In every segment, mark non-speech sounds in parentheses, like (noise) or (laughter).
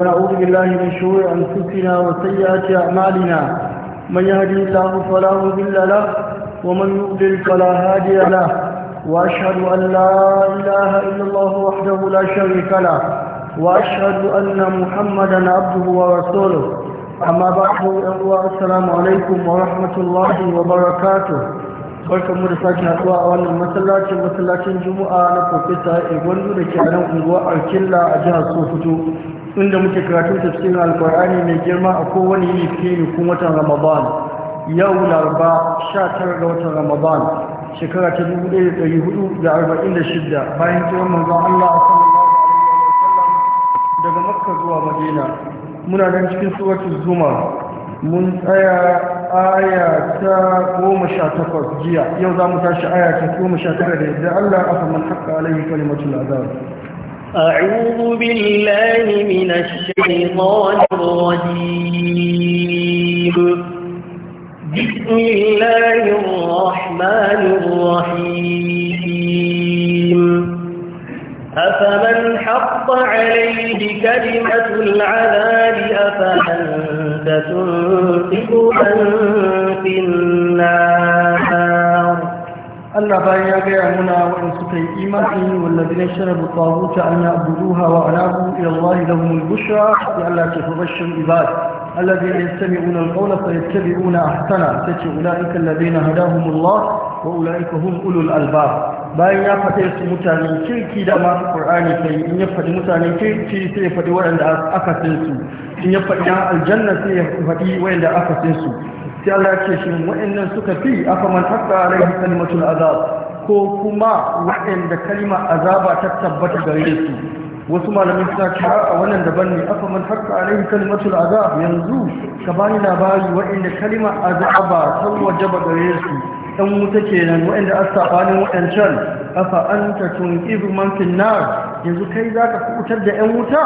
ونعوذ بالله من شرور أنفسنا وسيئات أعمالنا من يهدي الله فلا مضل له ومن يضلل فلا هادي له وأشهد أن لا إله إلا الله وحده لا شريك له وأشهد أن محمدا عبده ورسوله أما بعد السلام عليكم ورحمة الله وبركاته barkan mu da sake haduwa a wannan masallacin masallacin juma'a na profesa egwandu da ke a nan unguwar arkilla a jihar sokoto inda muke karatun tafsirin alkur'ani mai girma a kowane yini fiye nufin watan ramadan yau laraba 19 ga watan ramadan shekara ta 1446 bayan kiran manzon Allah a sallallahu daga makka zuwa madina muna nan cikin suratul Zuma. mun tsaya aya ta goma sha takwas jiya yau za mu tashi aya ta goma sha tara da yadda Allah afa man haƙƙa alaihi kalimatul azab أعوذ بالله من الشيطان الرجيم بسم الله الرحمن الرحيم أفمن حق عليه كلمة العذاب أفأنت تنفق أن في النار Allah bayan ya gaya muna waɗanda suka yi imani wallazina sharabu tawuta an ya'buduha wa anabu ila Allah lahumul bushra ya Allah ta fabashshir ibad alladhina yastami'una al-qawla fayattabi'una ahsana tace ulaika alladhina hadahumullah wa ulaika hum ulul albab bayan ya faɗe su mutanen kirki da masu ƙur'ani sai in ya faɗi mutanen kirki sai ya faɗi waɗanda aka sin su in ya faɗi yan aljanna sai ya faɗi waɗanda aka sin su sai Allah ya ce wa'annan suka fi afa man haqa alaihi kalimatul azab ko kuma wa'anda kalmar azaba ta tabbata gare su wasu malamai suna cewa a wannan daban ne afa man haqa alaihi kalimatul azab yanzu ka bani labari wa'anda kalmar azaba ta wajaba gare su dan wuta kenan wa'anda asabanin wa'ancan afa anta tunqidu man fin nar yanzu kai zaka kutar da yan wuta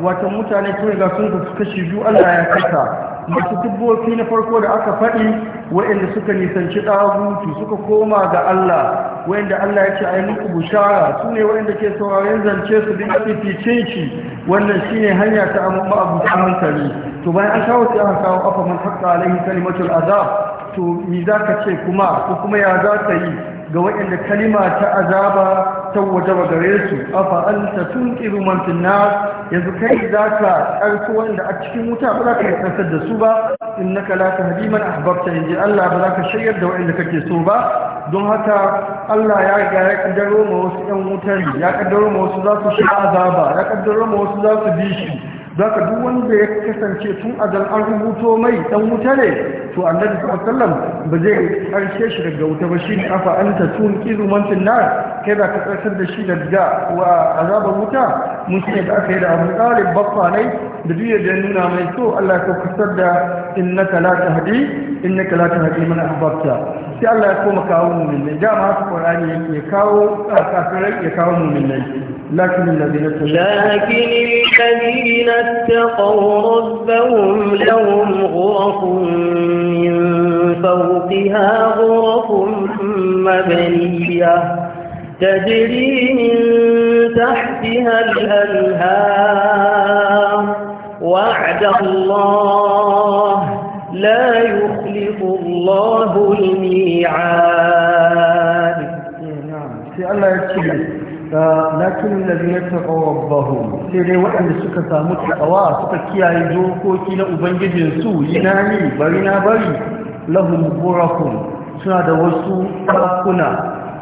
wato mutane kawai ga sun kasu biyu Allah ya kasa masu dubbofi na farko da aka faɗi waɗanda suka nisanci ɗagutu suka koma ga Allah waɗanda Allah ya ce a yi muku bushara su ne waɗanda ke sauraren zance su bi mafificin shi wannan shi ne hanya ta amma abu hankali to bayan an kawo sai aka kawo afa man haƙa alaihi kalimatul azab to ni za ka ce kuma ko kuma ya za ka yi ga waɗanda kalima ta azaba tawwaje ba gare su afa anta tunqiru man fil nar yanzu kai zaka karfi wanda a cikin wuta ba zaka kasar da su ba innaka la tahdi man ahbabta inji Allah ba zaka shayar da wanda kake so ba don haka Allah ya riga ya kaddaro ma wasu ɗan wutar ya kaddaro ma wasu za su shiga azaba ya kaddaro ma wasu za su bi shi za ka duk wanda ya kasance tun a an rubuto mai dan wuta ne to annabi sallam ba zai karshe shi daga wuta ba shine afa anta tun kizu mantin nar kai za ka tsarkar da shi daga wa azabar wuta mun sai da aka yi da abu tsarin baffa ne da duk da nuna mai to Allah ya kusar da innaka la tahdi innaka la tahdi man ahbabta sai Allah ya koma kawo mu'minai dama haka Qur'ani ya kawo kafirai ya kawo mu'minai lakin alladhina na alladhina اتقوا ربهم لهم غرف من فوقها غرف مبنية تجري من تحتها الأنهار وعد الله لا يخلف الله الميعاد نعم lakin lalina taɓa rabbahum sai dai waɗanda suka samu tsawa suka kiyaye dokoki na ubangijinsu yi na ni bari na bari lahum burakun suna da wasu ɗakuna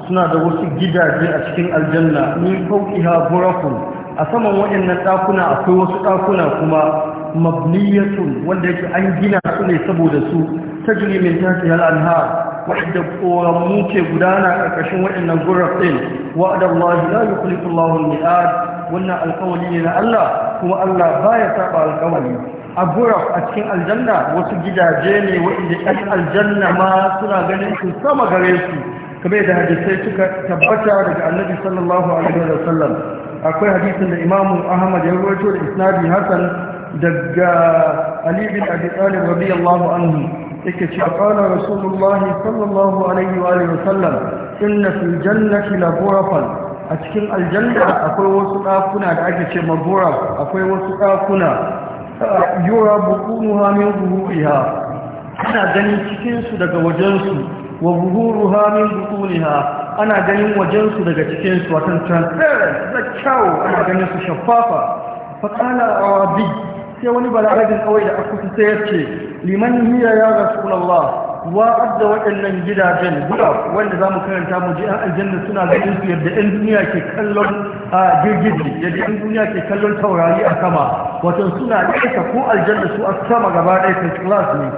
suna da wasu gidaje a cikin aljanna ni ha burakun a saman waɗannan ɗakuna akwai wasu ɗakuna kuma mabniyatun wanda yake an gina su ne saboda su tajri min tahtiha al-anhar waɗanda ƙoramu ke gudana ƙarƙashin waɗannan gurafin wa'adar Allah la yukhlifu Allahu al-mi'ad wannan alƙawari ne na Allah kuma Allah baya saba alƙawari a guraf a cikin aljanna wasu gidaje ne waɗanda ɗan aljanna ma suna ganin su sama gare su kamar da hadisai suka tabbata daga annabi sallallahu alaihi wa sallam akwai hadisin da imamu ahmad ya rawaito da isnadi hasan daga ali bin abi talib radiyallahu anhu yake ce qala rasulullahi sallallahu alaihi wa sallam wasallam inna fil jannati la ghurafan a cikin aljanna akwai wasu dakuna da ake ce magura akwai wasu dakuna yura bukunuha min zuhuriha ana ganin cikin su daga wajen su wa zuhuruha min bukuniha ana ganin wajen su daga cikin su watan transparent da kyau ana ganin su shaffafa fa qala arabi sai wani balagin kawai da aka sai ya ce liman hiya ya rasulullah wa adda waɗannan gidajen guda wanda za mu karanta mu ji 'yan aljanna suna ganin su yadda 'yan duniya ke kallon a girgiji yadda duniya ke kallon taurari a sama wato suna ɗaika ko aljanna su a sama gaba ɗaya ta class ne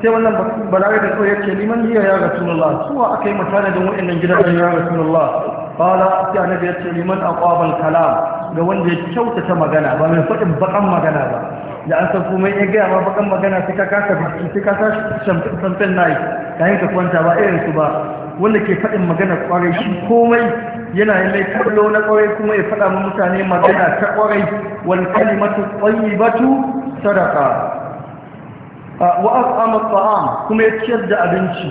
sai wannan balare da kawai yake liman hiya ya rasulullah suwa aka yi matanadin waɗannan gidajen ya rasulullah qala sai annabi yace liman aqwabal kalam ga wanda ya kyautata magana ba mai faɗin baƙan magana ba da an san kuma ya gaya ma bakan magana sai ka kasa sai ka sa shamfen nai kayan ka kwanta ba irin su ba wanda ke faɗin magana kwarai shi komai yana yi mai kallo na kwarai kuma ya faɗa ma mutane magana ta kwarai wal kalimatu tayyibatu sadaqa wa at'ama ta'am kuma ya ciyar da abinci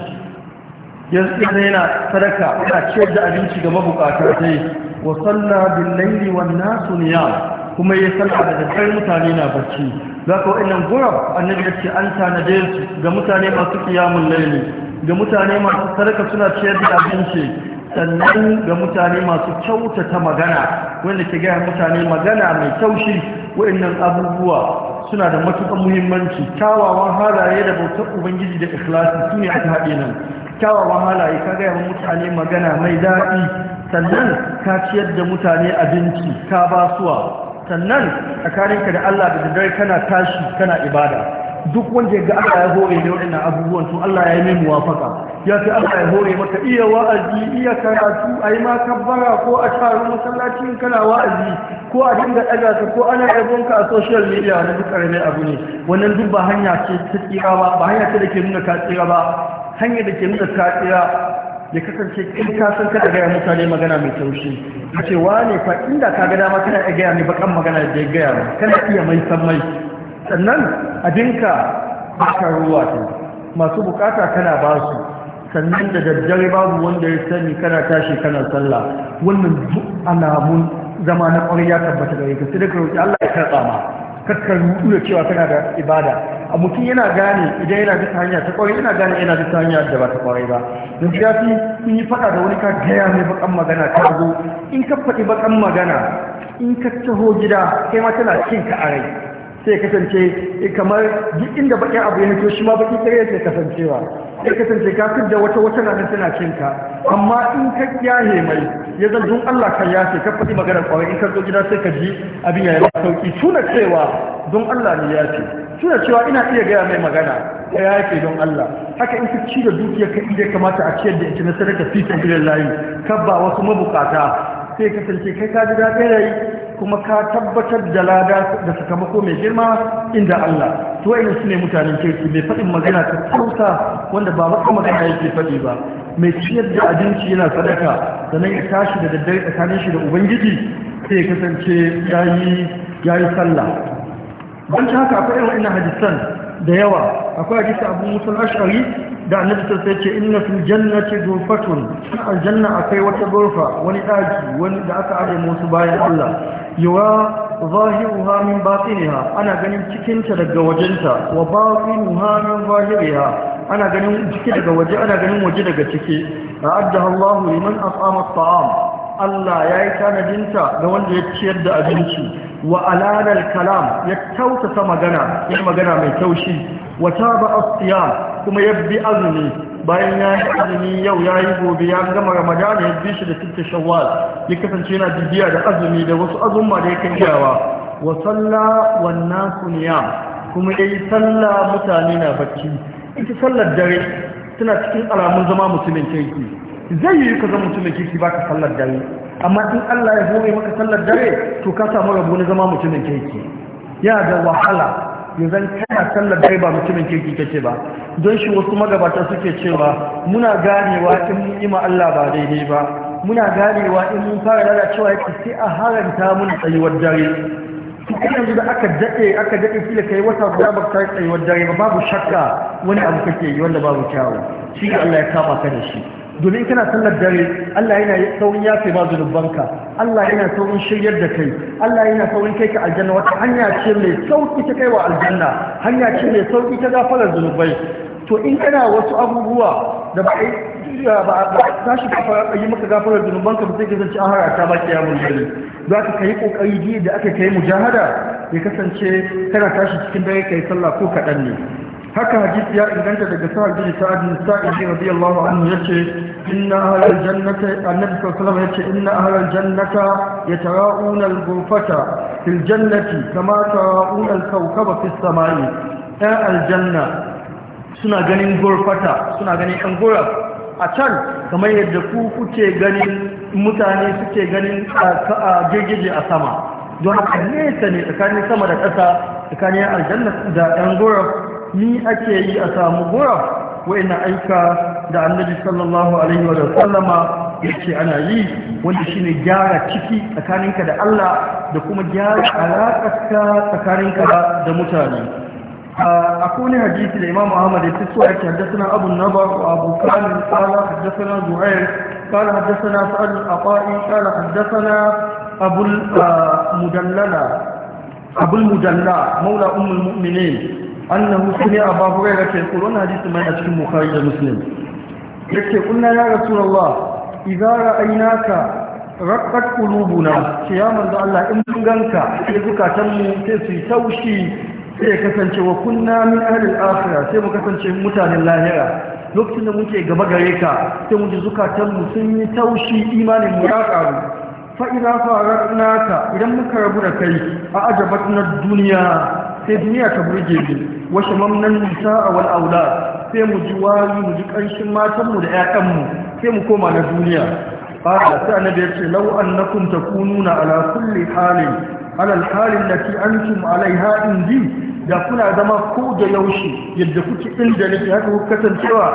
yanzu yana sadaka yana ciyar da abinci ga mabukata sai wa salla bil laili wan nasu niyam kuma ya sallah da daddare mutane na bacci za ka nan gurab annabi ya ce an tanade su ga mutane masu kiyamun laili ga mutane masu sarka suna ciyar da abinci sannan ga mutane masu kyautata magana wanda ke gaya mutane magana mai taushi wa'annan abubuwa suna da matuƙar muhimmanci kyawawan halaye da bautar ubangiji da ikhlasi su ne aka haɗe nan kyawawan halaye ka gaya mutane magana mai daɗi sannan ka ciyar da mutane abinci ka basuwa sannan tsakaninka da Allah da daddare kana tashi kana ibada duk wanda ya ga Allah ya hore ne wannan abubuwan to Allah ya yi mai muwafaka ya ce Allah ya hore maka iya wa'azi iya karatu a yi ma kabbara ko a taron masallaci kana wa'azi ko a dinga ɗaga ka ko ana ka a social media na duk ƙaramin abu ne wannan duk ba hanya ce ta tsira ba ba hanya ce da ke nuna ka tsira ba hanya da ke nuna ka tsira ya kasance kai ka san kada gaya mutane magana mai taushi ka ce wane fa inda ka ga dama kana iya gaya mai bakan magana da ya gaya kana iya mai san mai sannan abinka ka ruwa ta masu bukata kana ba su sannan da daddare babu wanda ya sani kana tashi kana sallah wannan duk alamun zama na ƙwarai ya tabbata gare ka sai da ka roƙi Allah ya karɓa ma kakkar rudu da cewa kana da ibada a mutum yana gane idan yana bisa hanya ta kwarai yana gane yana bisa hanya da ba ta kwarai ba don ya fi sun yi faɗa da wani ka gaya mai bakan magana ta zo in ka faɗi bakan magana in ka taho gida kai ma tana cin ka a sai kasance eh, kamar duk inda bakin abu ya nito shi ma baki kare yake kasancewa sai kasance ka da wata wata na tana cin ka amma in ka yahe mai ya zan Allah ka ce, ka faɗi magana kwarai in ka zo gida sai ka ji abin yayi sauki tuna cewa don Allah ne ce. tuna cewa ina iya gaya mai magana ya yake don Allah haka in ka ci da dukiyar ka inda kamata a ciyar da ita na sadaka fi sabilillahi kabba wasu mabukata sai kasance kai ka ji daɗin rai kuma ka tabbatar da lada da sakamako mai girma inda Allah to wa'ina su ne mutanen kirki mai faɗin magana ta tausa wanda ba wata magana yake faɗi ba mai ciyar da abinci yana sadaka sannan ya tashi da daddare tsakanin shi da ubangiji sai ya kasance ya yi sallah don haka akwai irin wa'ina hadisan da yawa akwai hadisi abu musul ashari da annabi sai ce inna fil jannati ghurfatun aljanna akai wata ghurfa wani daki wani da aka aje musu bayan Allah yura zahiruha min batiniha ana ganin cikin ta daga wajenta wa batinuha min zahiriha ana ganin ciki daga waje ana ganin waje daga ciki a'addaha Allah liman at'ama at-ta'am Allah ya yi tanadinta ga wanda ya ciyar da abinci wa alanar kalam ya tautata magana ya magana mai taushi wata ba asiya kuma ya bi azumi bayan ya yi azumi yau ya yi gobe ya gama ramadana ya bi shi da sitta shawar. ya kasance yana bibiya da azumi da wasu azumma da ya kan yawa wa salla wannan suniyam kuma ya yi salla mutane na bacci ita sallar dare tana cikin alamun zama musulmin kirki zai yi ka zama mutumin kirki ka sallar dare amma in Allah ya hore maka sallar dare to ka samu rabu na zama mutumin kirki yana da wahala ya zan kana sallar dare ba mutumin kirki kake ba don shi wasu magabata suke cewa muna ganewa in mun yi ma Allah ba daidai ba muna ganewa in mun fara lalacewa ya sai a haranta mun tsayuwar dare kuma yanzu da aka daɗe aka daɗe kila kai wata guda ba ka tsayuwar dare ba babu shakka wani abu kake yi wanda babu kyawu shi Allah ya kama ka da shi domin kana sallar dare Allah yana saurin yafe ba zunubanka Allah yana saurin shiryar da kai Allah yana saurin kai ka aljanna wata hanya ce mai sauki ta kai wa aljanna hanya ce mai sauki ta gafarar zunubai to in kana wasu abubuwa da ba a tashi ka yi maka gafarar zunubanka ba sai ka zance an harata ba kiyamun dare za ka kai kokari da aka kai mujahada ya kasance kana tashi cikin dare kai sallah ko kaɗan ne haka hadisi ya inganta daga sa'ad bin sa'adin bin sa'id radiyallahu anhu yace inna ahlal jannati annabi sallallahu alaihi wasallam yace inna ahlal jannata yatara'una al-ghurfata fil jannati kama tara'una al-kawkaba fis samai ta aljanna suna ganin gurfata suna ganin an gura a can kamar yadda ku kuke ganin mutane suke ganin a girgije a sama don haka nesa ne tsakanin sama da ƙasa tsakanin aljanna da ɗan gurf ni ake yi a samu gura na aika da annabi sallallahu alaihi wa sallama ce ana yi wanda shine gyara ciki tsakaninka da Allah da kuma gyara alaƙarka tsakaninka da mutane أكون حديث الإمام أحمد التسوعك حدثنا أبو النبر وأبو كامل قال حدثنا زهير قال حدثنا سعد الأطائي قال حدثنا أبو المدللة أبو المدلع maula, أم المؤمنين annahu sami'a Abu Hurairah ta yaqulu wannan hadisi mai a cikin Bukhari da Muslim yace kunna ya Rasulullah idza ka? raqqat qulubuna ce ya manzo Allah in mun ganka sai zukatan mu sai su yi taushi sai ya kasance wa kunna min ahli al sai mu kasance mutanen lahira lokacin da muke gaba gare ka sai mu ji zukatan mu sun yi taushi imanin mu ya karu fa idza faraknaka idan muka rabu da kai a ajabatna duniya sai duniya ta burge mu wa shamamnan nisaa a aulad sai mu ji wari mu ji kanshin matan mu da ƴaƴan mu sai mu koma na duniya qala sai annabi ya ce law annakum takununa ala kulli halin ala al halin lati antum alaiha indi da kuna zama ko da yaushe yadda kuke inda nake haka ku kasancewa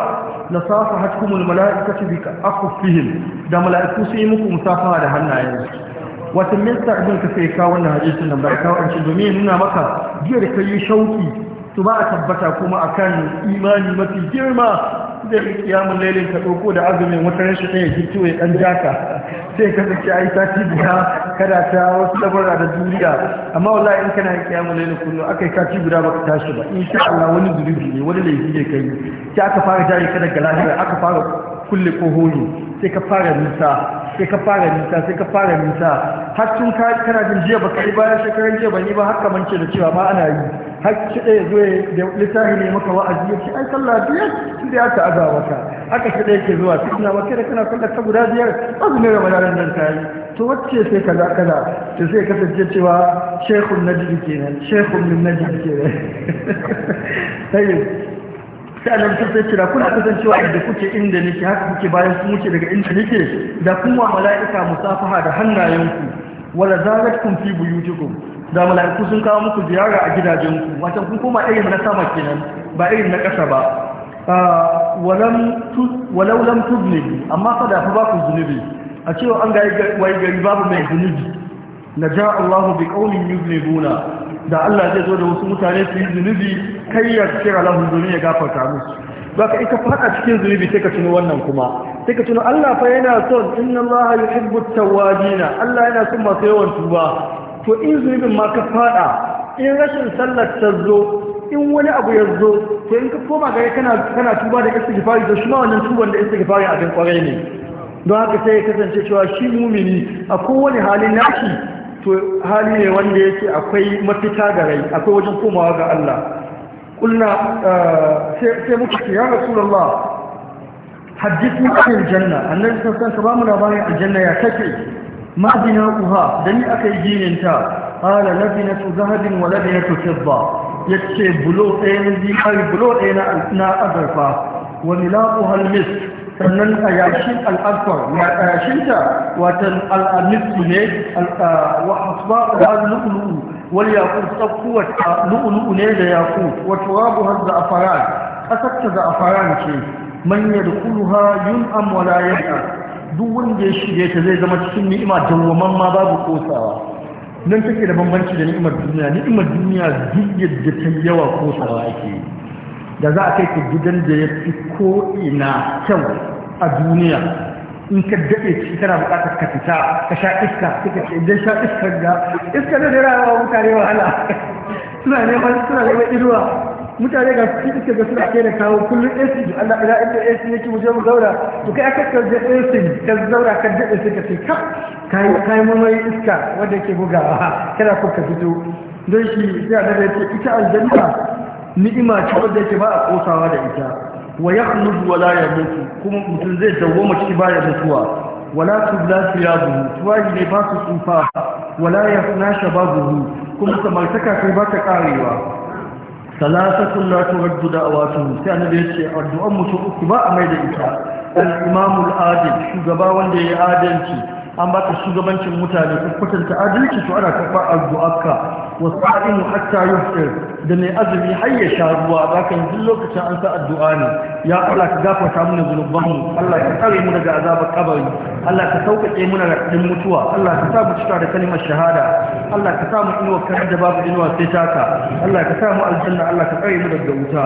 la safahatkumul malaikatu bi akfihim da malaiku sai muku musafaha da hannayensu wata minista abin ka sai kawo wannan hadisin nan ba kawo an ce domin nuna maka jiya da kai shauki to ba a tabbata kuma akan imani mafi girma da kiyamun lailin ka ɗauko da azumin wata rashin ya gito ya dan jaka sai ka zaki a yi sati guda kada ta wasu labarra da duniya amma wallahi in kana kiyamun lailin kullum aka yi sati guda ka tashi ba in sha Allah wani zunubi ne wani laifi ne kai sai aka fara jari ka daga lahira aka fara kulle kohoni sai ka fara nisa sai ka fara nisa sai ka fara nisa har tun kana jin jiya baka yi bayan shekaran jiya ba ni ba haka mance da cewa ba ana yi har ki ɗaya zo da littafi ne maka wa'azi ya ce ai sallah biyar tun da ya ta aza maka haka shi ɗaya ke zuwa ta ina maka da kana sallah ta guda biyar ne ramadan nan ta yi to wacce sai kaza kaza to sai kasance cewa shekun najdi kenan shekun min najdi kenan (laughs) sai annabi sai cira kuna kasancewa inda kuke inda nake haka kuke bayan kun wuce daga inda nake da kun wa mala'ika musafaha da hannayenku wala zalatkum fi buyutikum da mala'iku sun kawo muku ziyara a gidajenku wato kun koma irin na sama kenan ba irin na ƙasa ba ah, walau lam amma fa fa ba ku zunubi a cewa an ga wai gari babu mai zunubi na ja Allahu bi qaumin buna da Allah zai zo da wasu mutane su yi zunubi kai ya kira lahu domin ya gafarta musu ka ita fada cikin zunubi sai ka tuno wannan kuma sai ka tuno Allah fa yana son inna Allah yuhibbu tawwabina Allah yana son masu yawan tuba to in zunubin ma ka fada in rashin sallar ta zo in wani abu ya zo to in ka koma gare kana kana tuba da istighfari da shi ma wannan tuban da istighfari a kan kwarai ne don haka sai ya kasance cewa shi mumini a kowane halin nashi to hali ne wanda yake akwai mafita ga rai akwai wajen komawa ga Allah kulna ah, sai muka ce ya rasulullah hadithu anil janna annabi sallallahu alaihi wasallam labarin aljanna ya take ma da ni akai ginin ta qala tu zahabin wa tu fidda yace bulo ɗaya na bulo ɗaya na azurfa wa milaquha almisk sannan a yashin al'afar ya eh, yashinta watan al'amitsu ne eh, wa asba da lu'ulu'u wal yaqut tsakkuwa eh, lu'ulu'u ne da yaqut wa turabu hazza afaran kasar ta da afaran ce man yadkhuluha yun'am wa la yaqa duk wanda ya shige ta zai zama cikin ni'ima dawwaman ma babu kosawa nan take da bambanci da ni'imar duniya ni'imar duniya duk yadda ta yawa kosawa ake yi da za a kai ku gidan da ya fi ko'ina kyau a duniya in ka daɗe ciki kana buƙatar ka fita ka sha iska suka ce idan sha iskar ga iskar da dara wa mutane wahala (laughs) suna neman suna neman inuwa mutane ga su iska ga suna kai da kawo kullum ac da allah ila inda ac yake mu je mu zaura. to kai aka kan ac ka zaura, ka daɗe suka ce kaf kayi kayi mamayin iska wanda ke bugawa kana ko ka fito don shi sai a daga ce ita aljanna ni'ima ce wadda yake ba a kosawa da ita wa yakhludu wa la yamutu kuma mutum zai mu ciki baya mutuwa wala tubla thiyabuhu tuwahi ne ba su tsufa wala yafna shababuhu kuma samartaka kai ba ta karewa salatatun la turaddu da'awatuhu sai annabi ya ce addu'an mu uku ba a mai da ita al-imamu al-adil shugaba wanda ya yi adalci an baka shugabancin mutane ka kwatanta adalci to ana addu'a addu'arka wasa'in hatta yufir da mai azumi har ya sha ruwa za ka lokacin an sa addu'a ne ya Allah ka gafarta mana zunubanmu Allah ka tsare mu daga azabar kabari Allah ka sauƙaƙe mu daga ɗin mutuwa Allah ka sa mu cika da kalimar shahada Allah ka sa mu inuwa kan da babu inuwa sai taka Allah ka sa mu aljanna Allah ka tsare mu daga wuta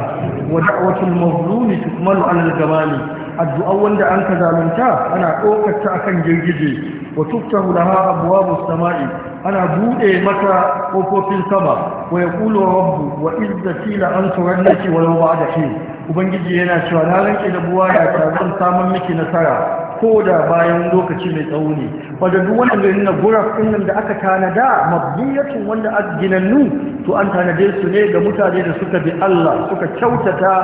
wa da'watul mazlumi tukmalu ala al-gamali addu'a wanda an ka zalunta ana ɗaukar ta akan girgije wa tuftahu laha sama'i ana bude mata kofofin sama wa yaqulu rabbu wa izzati la ansurannaki wa law da hin ubangiji yana cewa na ranke da buwa ya ta saman samun miki nasara ko da bayan lokaci mai tsauni ne wadda duk wannan gari na gurafin nan da aka tanada mabiyatun wanda a ginannu to an tanade su ne ga mutane da suka bi Allah suka kyautata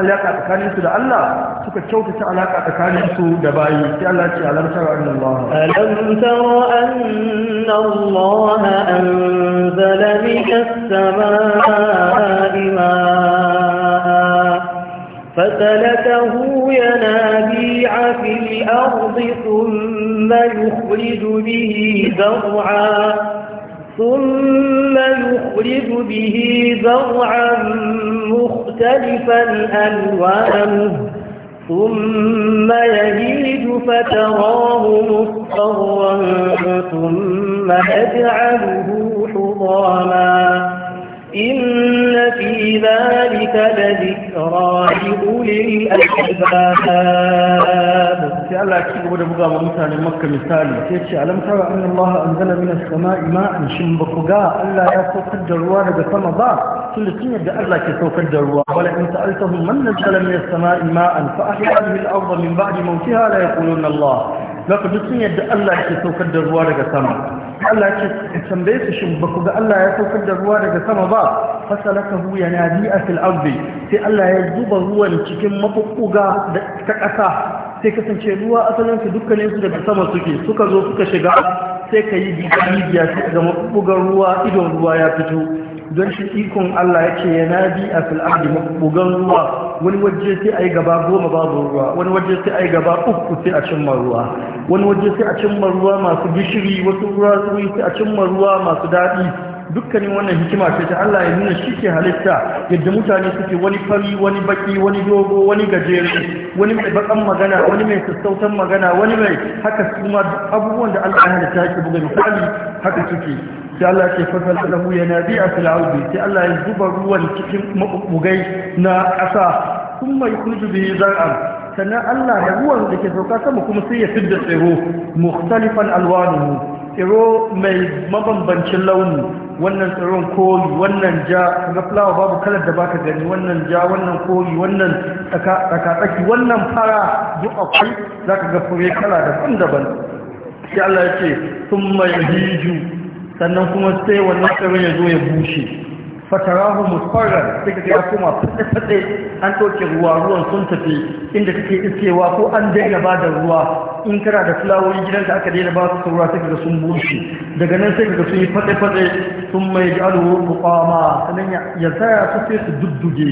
alaƙa tsakanin su da Allah suka kyautata alaƙa tsakanin su da bayi sai Allah ce alam tara anna Allah alam tara anna Allah anzala minas samaa'i ma'a فسلكه ينابيع في الأرض ثم يخرج به زرعا ثم يخرج به زرعا مختلفا ألوانه ثم يهيج فتراه مصفرا ثم يجعله حضاما إن في ذلك لذكر الذكرى لأولي الألباب تعالى كي قد بقى ومثال ألم ترى أن الله أنزل من السماء ماء شنبققاء ألا يسوق الدروا لك سما با ثلثين يبدأ الله يسوق الدروا سألتهم من نزل من السماء ماء فأحيا به الأرض من بعد موتها لا يقولون الله zaka duk sun yadda Allah ke saukar da ruwa daga sama Allah ce tambaye su shin baku ga Allah ya saukar sai Allah ya zuba ruwan cikin mafukuga ta ƙasa sai kasance ruwa asalinsu dukkaninsu daga sama suke suka zo suka shiga sai ka yi biya sai ga mafukugan ruwa idon ruwa ya fito don shi ikon Allah ya ce yana bi a fil'adi mafukugan ruwa wani waje sai a yi gaba goma babu ruwa wani waje sai a yi gaba uku sai a cimma ruwa wani waje sai a cimma ruwa masu gishiri wasu ruwa sai a cimma ruwa masu daɗi dukkanin wannan hikima ce ta Allah ya nuna shi ke halitta yadda mutane suke wani fari wani baki wani dogo wani gajeru, wani mai bakan magana wani mai sassautan magana wani mai haka su ma abubuwan da Allah ya halitta yake buga misali haka suke sai Allah ke fasal lahu yanabi a fil'audi sai Allah ya zuba ruwan cikin mabugai na ƙasa mai yukhruju bihi zar'an sannan Allah da ruwan da ke sauka sama kuma sai ya fidda tsiro mukhtalifan alwanuhu tsiro mai mabambancin launi wannan tsaron kori wannan ja ga fulawa babu kalar da baka gani wannan ja wannan kori wannan tsakatsaki wannan fara duk akwai za ka ga fure kala daban-daban sai Allah ya ce sun mai hiju sannan kuma sai wannan tsaron ya zo ya bushe fataraho musfarar sai ka ya koma fatse an ɗauke ruwa ruwan sun tafi inda take iskewa ko an daina ba da ruwa in kana da fulawoyi da aka daina ba su ruwa sai ga sun bushe daga nan sai ga sun yi fatse sun mai jalo buƙama sannan ya tsaya su sai su dudduge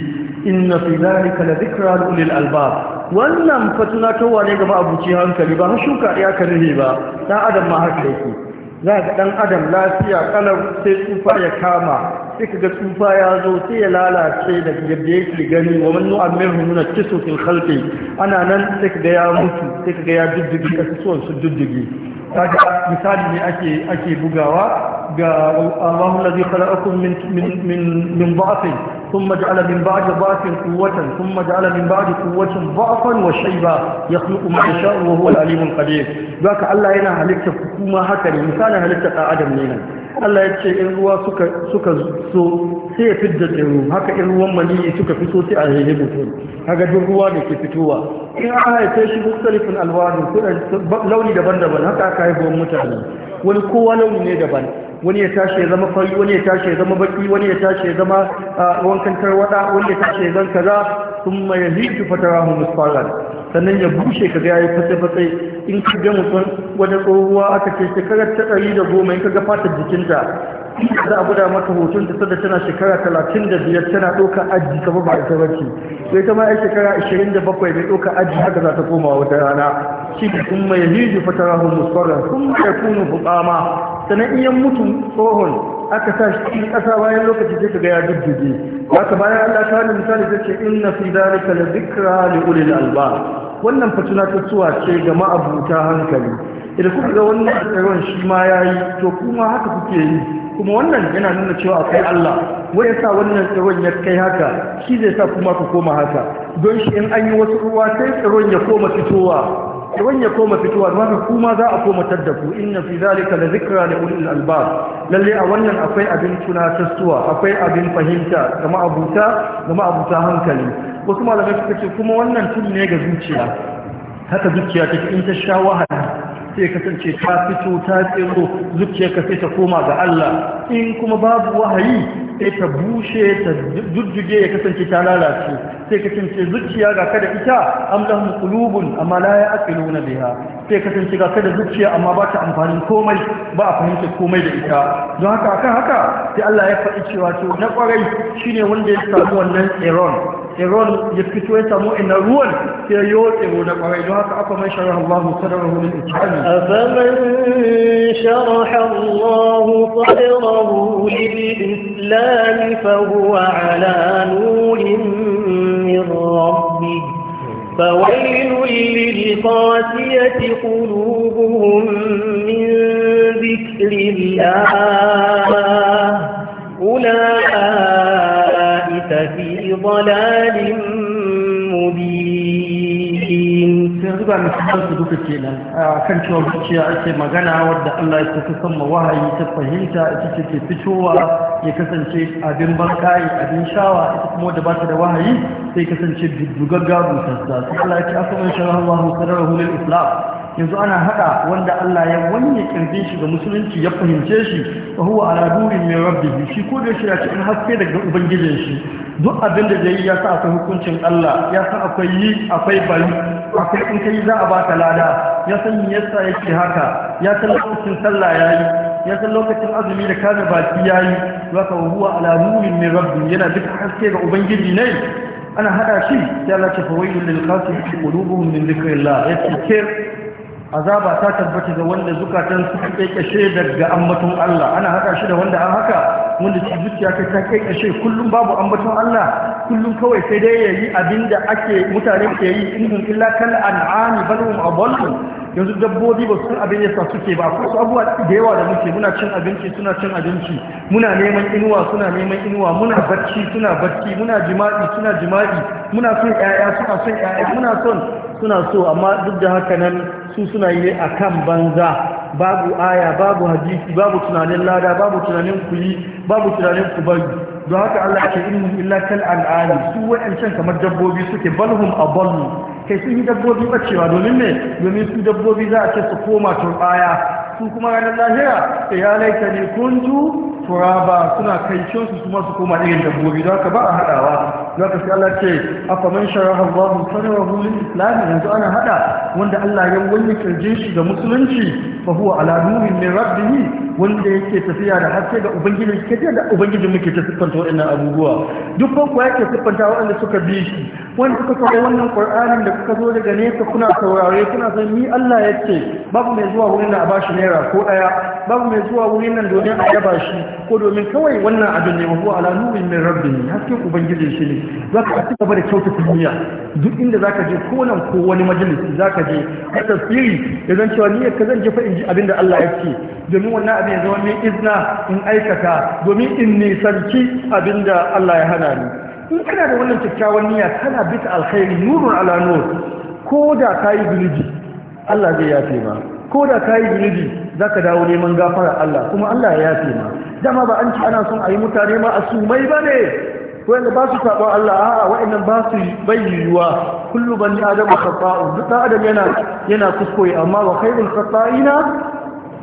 inna fi zalika la dhikra lil albab wannan fatuna ta ne gaba abuci hankali ba har shuka ya ka rihe ba dan adam ma haka yake za ga dan adam lafiya kalar sai tsufa ya kama sai kaga tsufa ya zo sai ya lalace da yadda yake gani wa man nu'ammirhu min at-tisu fil khalqi ana nan sai kaga ya mutu sai kaga ya duddugi kasuwan su duddugi kaga misali ne ake ake bugawa ga Allahu ladhi khalaqakum min min min min ثم جعل من بعد ضعف قوة ثم جعل من بعد قوة ضعفا وشيبا يخلق ما يشاء وهو العليم القدير ذاك الله yana halitta hukuma haka ne misali halitta ɗan Allah ya ce in ruwa suka so sai ya fidda tsiro haka in ruwan maniyi suka fi sai a yayi mutum kaga duk ruwa da ke fitowa in an haife shi mukhtalifin alwani launi daban-daban haka aka haifuwan mutane wani kowa launi ne daban wani ya tashi ya zama fari wani ya tashi ya zama baki wani ya tashi ya zama wankan tarwada wani ya tashi ya zama kaza sun mai fatara mu musfaran sannan ya bushe ka gaya yayi fate-fate in ka ga mutum wata tsohuwa aka ce shekarar ta ɗari da goma in ka ga fatar jikinta za a guda maka hoton ta sada tana shekara talatin da biyar tana ɗauka aji kamar ba ita bace sai ta ma shekara ashirin da bakwai mai ɗauka aji haka za ta koma wata rana shi ne kun mai hiju fatarahu musfarran kun mai kunu fukama sannan iya mutum tsohon aka sa shi cikin ƙasa bayan lokaci sai ka ga ya dudduge haka bayan Allah ta hannu misali ta ce in na fi zalika na dhikra ne ulil Alba. wannan fatuna ta tsuwa ce ga ma'abuta hankali idan kuka ga wannan tsaron shi ma ya yi to kuma haka kuke yi kuma wannan yana nuna cewa akwai Allah wai yasa wannan tsaron ya kai haka shi zai sa kuma ku koma haka don shi in an yi wasu ruwa sai tsaron ya koma fitowa tsaron ya koma fitowa don haka kuma za a koma tadda ku inna fi zalika la zikra li ulil albab lalle a wannan akwai abin tunatarwa akwai abin fahimta ga ma'abuta ga ma'abuta hankali wasu malamai suka ce kuma wannan tun ne ga zuciya haka zuciya take in ta sha wahala sai kasance ta fito ta tsiro zuciyarka sai ta koma ga Allah in kuma babu wahayi sai ta bushe ta jujjuge ya kasance ta lalace sai kasance zuciya ga kada ita amlahum qulubun amma la ya'qiluna biha sai kasance ga kada zuciya amma ba ta amfanin komai ba a fahimta komai da ita don haka akan haka sai Allah ya faɗi cewa to na kwarai shine wanda ya samu wannan iron iron ya fito ya samu ina ruwan sai yo tsiro na kwarai don haka aka mai sharaha Allah sadrahu lil islam afaman sharaha Allah sadrahu lil islam الرحمن فهو على نور من ربه فويل للقاسية قلوبهم من ذكر الله أولئك في ضلال مبين zuba ba misalan su duka kenan a kan cewa zuciya ake magana wadda Allah ya kusa sama wahayi ta fahimta ita ce ke fitowa ya kasance abin banka, abin shawa ita kuma wadda ba ta da wahayi sai kasance dugagga busassa sai Allah ya ce asaman shara Allah sararahu lil islam yanzu ana haɗa wanda Allah ya wanye kirjin shi ga musulunci ya fahimce shi wa huwa ala mai rabbi rabbih shi ko da shi ya ci in haske daga ubangijin shi duk abin da zai ya sa akwai hukuncin Allah ya san akwai yi akwai bari akwai in kai za a baka lada ya san yasa yake haka ya san lokacin sallah yayi ya san lokacin azumi da kaza baki yayi ka huwa ala nurin min rabbi yana duka haske ga ubangiji ne ana hada shi ya Allah ta fawailul lil qasim qulubuhum min dhikrillah yace azaba ta tabbata ga wanda zukatan suka kaikashe daga ambaton Allah ana haka shi da wanda an haka wanda ci zuciya kai ta kaikashe kullum babu ambaton Allah kullum kawai sai dai yayi abinda ake mutane ke yi in illa kal an'ami bal hum yanzu dabbobi ba su abin yasa suke ba akwai su abuwa da yawa da muke muna cin abinci suna cin abinci muna neman inuwa suna neman inuwa muna barci suna bacci muna jima'i suna jima'i muna son ƴaƴa suna son ƴaƴa muna son suna so amma duk da haka nan su suna yi akan banza babu aya babu hadisi babu tunanin lada babu tunanin kuyi babu tunanin kubari don haka Allah ya ce innahum illa kal an'am su wa'ancan kamar dabbobi suke balhum aballu kai sun yi dabbobi bacewa domin ne domin su dabbobi za a ce su koma turbaya su kuma ranar lahira ya laita ne ju turaba suna kai su kuma su koma irin dabbobi don ka ba a hadawa don ka sai Allah ce a afa man sharaha Allahu sadrahu lil islami yanzu ana hada wanda Allah ya wani kirjin shi ga musulunci fa huwa ala mai min wanda yake tafiya da haske ga ubangiji ce da ubangiji muke ta siffanta waɗannan abubuwa duk ko yake siffanta waɗanda suka bi shi wanda suka saurari wannan Qur'anin da kuka zo daga nesa kuna saurare kuna san ni Allah yake babu mai zuwa wurin na a bashi naira ko daya babu mai zuwa wurin nan domin a yaba shi ko domin kawai wannan abin ne wa ala nurin min ne hasken ubangiji shi ne Za ka a gaba da kyauta niyya duk inda za ka je ko nan ko wani majalisi ka je ka tafsiri da zan cewa niyyar ka zan je fa in ji abin da Allah ya ce domin wannan abin ya zama min izna in aikata domin in nisanci abin da Allah ya hana ni in kana da wannan kyakkyawan niyya kana bisa alkhairi nurun ala nur ko da ka yi biliji Allah zai yafe ba ko da ka yi zunubi za ka dawo neman gafara Allah kuma Allah ya yafe ma dama ba an ci ana son a yi mutane ma a mai ba ne wanda ba su saɓa Allah a'a wa'annan ba su yiwuwa kullu bani adam khata'u duk adam yana yana kuskure amma wa khairul khata'ina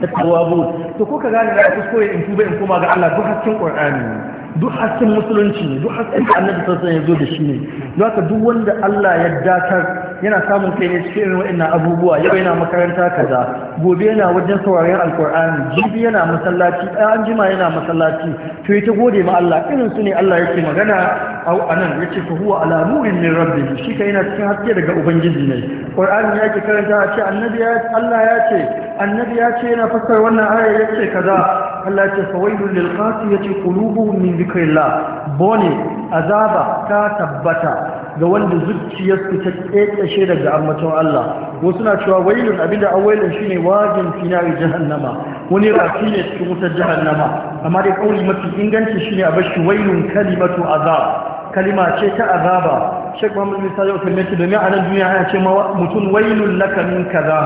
at-tawwabun to ko ka gane da kuskure in tuba in koma ga Allah duk hakkin Qur'ani duk hasken musulunci ne duk hasken da annabi sassan ya zo da shi ne don duk wanda Allah ya datar yana samun kai ne cikin irin wa'annan abubuwa yau yana makaranta kaza gobe yana wajen sauraron alkur'ani jibi yana masallaci ɗan an jima yana masallaci to ya gode ma Allah irin su ne Allah yake magana a nan ya ce huwa ala nurin min rabbi shi ka yana cikin haske daga ubangiji ne qur'ani ya ke karanta a ce annabi ya Allah ya ce annabi ya ce yana fassara wannan aya ya ce kaza Allah ce fawailul lil qasiyati qulubuhum min dhikrillah bone azaba ta tabbata ga wanda zuciyarsu ta kekashe daga ambaton Allah wasu na cewa wailun abinda awailun shine wajin finari jahannama wani rafi ne cikin wutar jahannama amma dai kauli mafi inganci shine a bashi wailun kalimatu azab kalima ce ta azaba Sheikh Muhammad bin Salihu Kalmati domin a nan duniya ya ce mutum wailun laka min kaza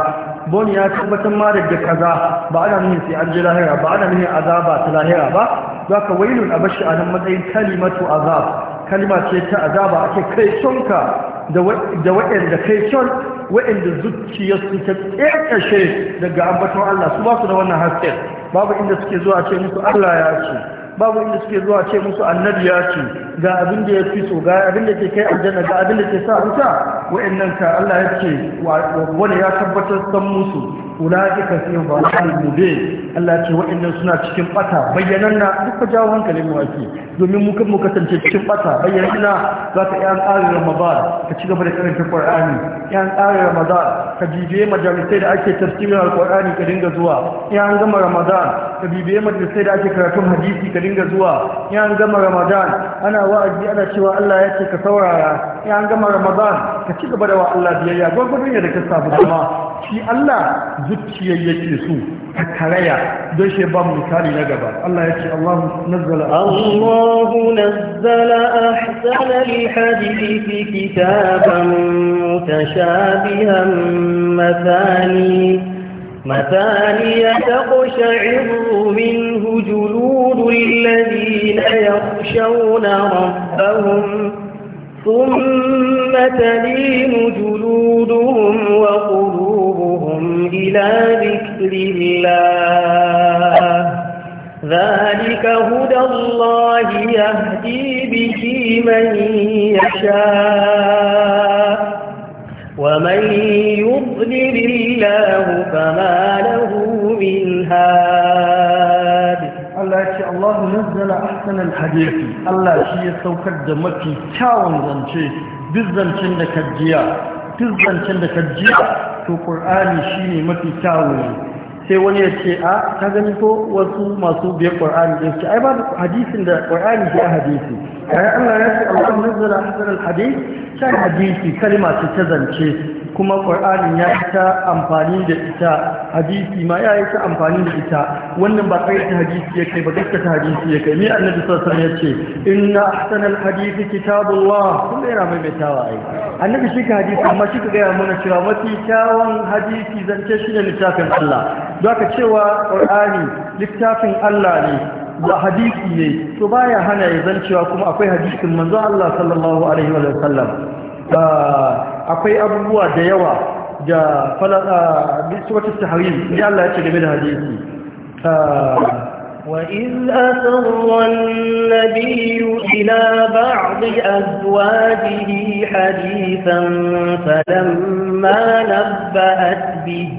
bon ya tabbatar ma da kaza ba ana nuna sai an ji lahira ba ana nuna azaba ta lahira ba za ka wailun a bashi a nan matsayin kalimatu azab kalima ce ta azaba ake kai sonka da waɗanda kai son waɗanda su ta kashe daga ambaton Allah su ba su da wannan hasken babu inda suke zuwa ce musu Allah ya ce babu inda suke zuwa ce musu annabi ya ce ga abin da ya fi so ga abin da ke kai aljanna ga abin da ke sa wuta wa'annan ka Allah ya ce wani ya tabbatar san musu ulaika fi dhalalin mubin Allah ya ce wa'annan suna cikin bata bayyanan na duk ka jawo hankalin mu domin mu kan mu kasance cikin bata bayyanan na za ka yan ƙarin ramadan ka ci gaba da karanta qur'ani yan ƙarin ramadan ka bibiye majalisai da ake tafsirin alqur'ani ka dinga zuwa yan gama ramadan ka bibiye majalisai da ake karatun hadisi ka dinga zuwa ya an gama ramadan ana wa'azi ana cewa Allah ya ce ka saurara ya an gama ramadan ka ci gaba da wa Allah biyayya gwagwarin da ka samu ma, shi Allah zuciyar yake su ta karaya don shi ba misali na gaba Allah ya ce Allah nazzala Allah nazzala ahsan alhadithi kitaban mutashabihan mathani مثانية تقشعر منه جلود الذين يخشون ربهم ثم تلين جلودهم وقلوبهم إلى ذكر الله ذلك هدى الله يهدي به من يشاء ومن يضلل الله فما له من هاد الله نزل أحسن الحديث الله شيء سوكر دمتي كاون زنشي بالزنشن لكجيا بالزنشن لكجيا تو قرآني شيء متي كاوني sai wani ya ce ah, a ta gani ko wasu masu biyar ƙwar'ani ya su ai ba da hadisin da ƙwar'ani ke a hadisi kayan allah ya ce allah nazzara hasan al can hadisi kalima ce ta zance kuma ƙwar'anin ya yi ta amfani da ita hadisi ma ya yi ta amfani da ita wannan ba kai ta hadisi ya kai ba gaske ta hadisi ya kai ni annabi sallallahu alaihi ya ce inna ahsan al-hadisi kitabullah kun yana maimaitawa ai annabi shi ka hadisi amma shi ka gaya mana cewa mafi kyawun hadisi zance shi ne littafin Allah don ka cewa ƙur'ani littafin Allah ne da hadisi ne to baya hana ya zancewa kuma akwai hadisin manzo Allah sallallahu alaihi wa sallam ah, akwai abubuwa da yawa da falala ah, suratul tahrim ya Allah ya ce game da hadisi وإذ أسر النبي إلى بعض أزواجه حديثا فلما نبأت به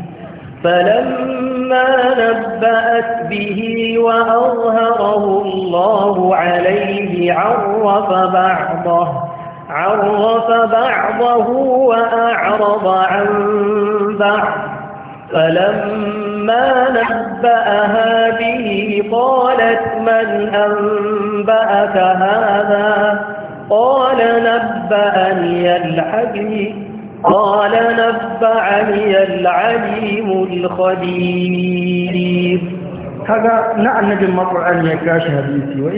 فلما نبأت به وأظهره الله عليه عرف بعضه عرف بعضه وأعرض عن بعض فلما نبأها به قالت من أنبأك هذا قال نبأني الحبيب قال نبعني العليم الخبير kaga na annabin makar'an ya gashi hadisi wa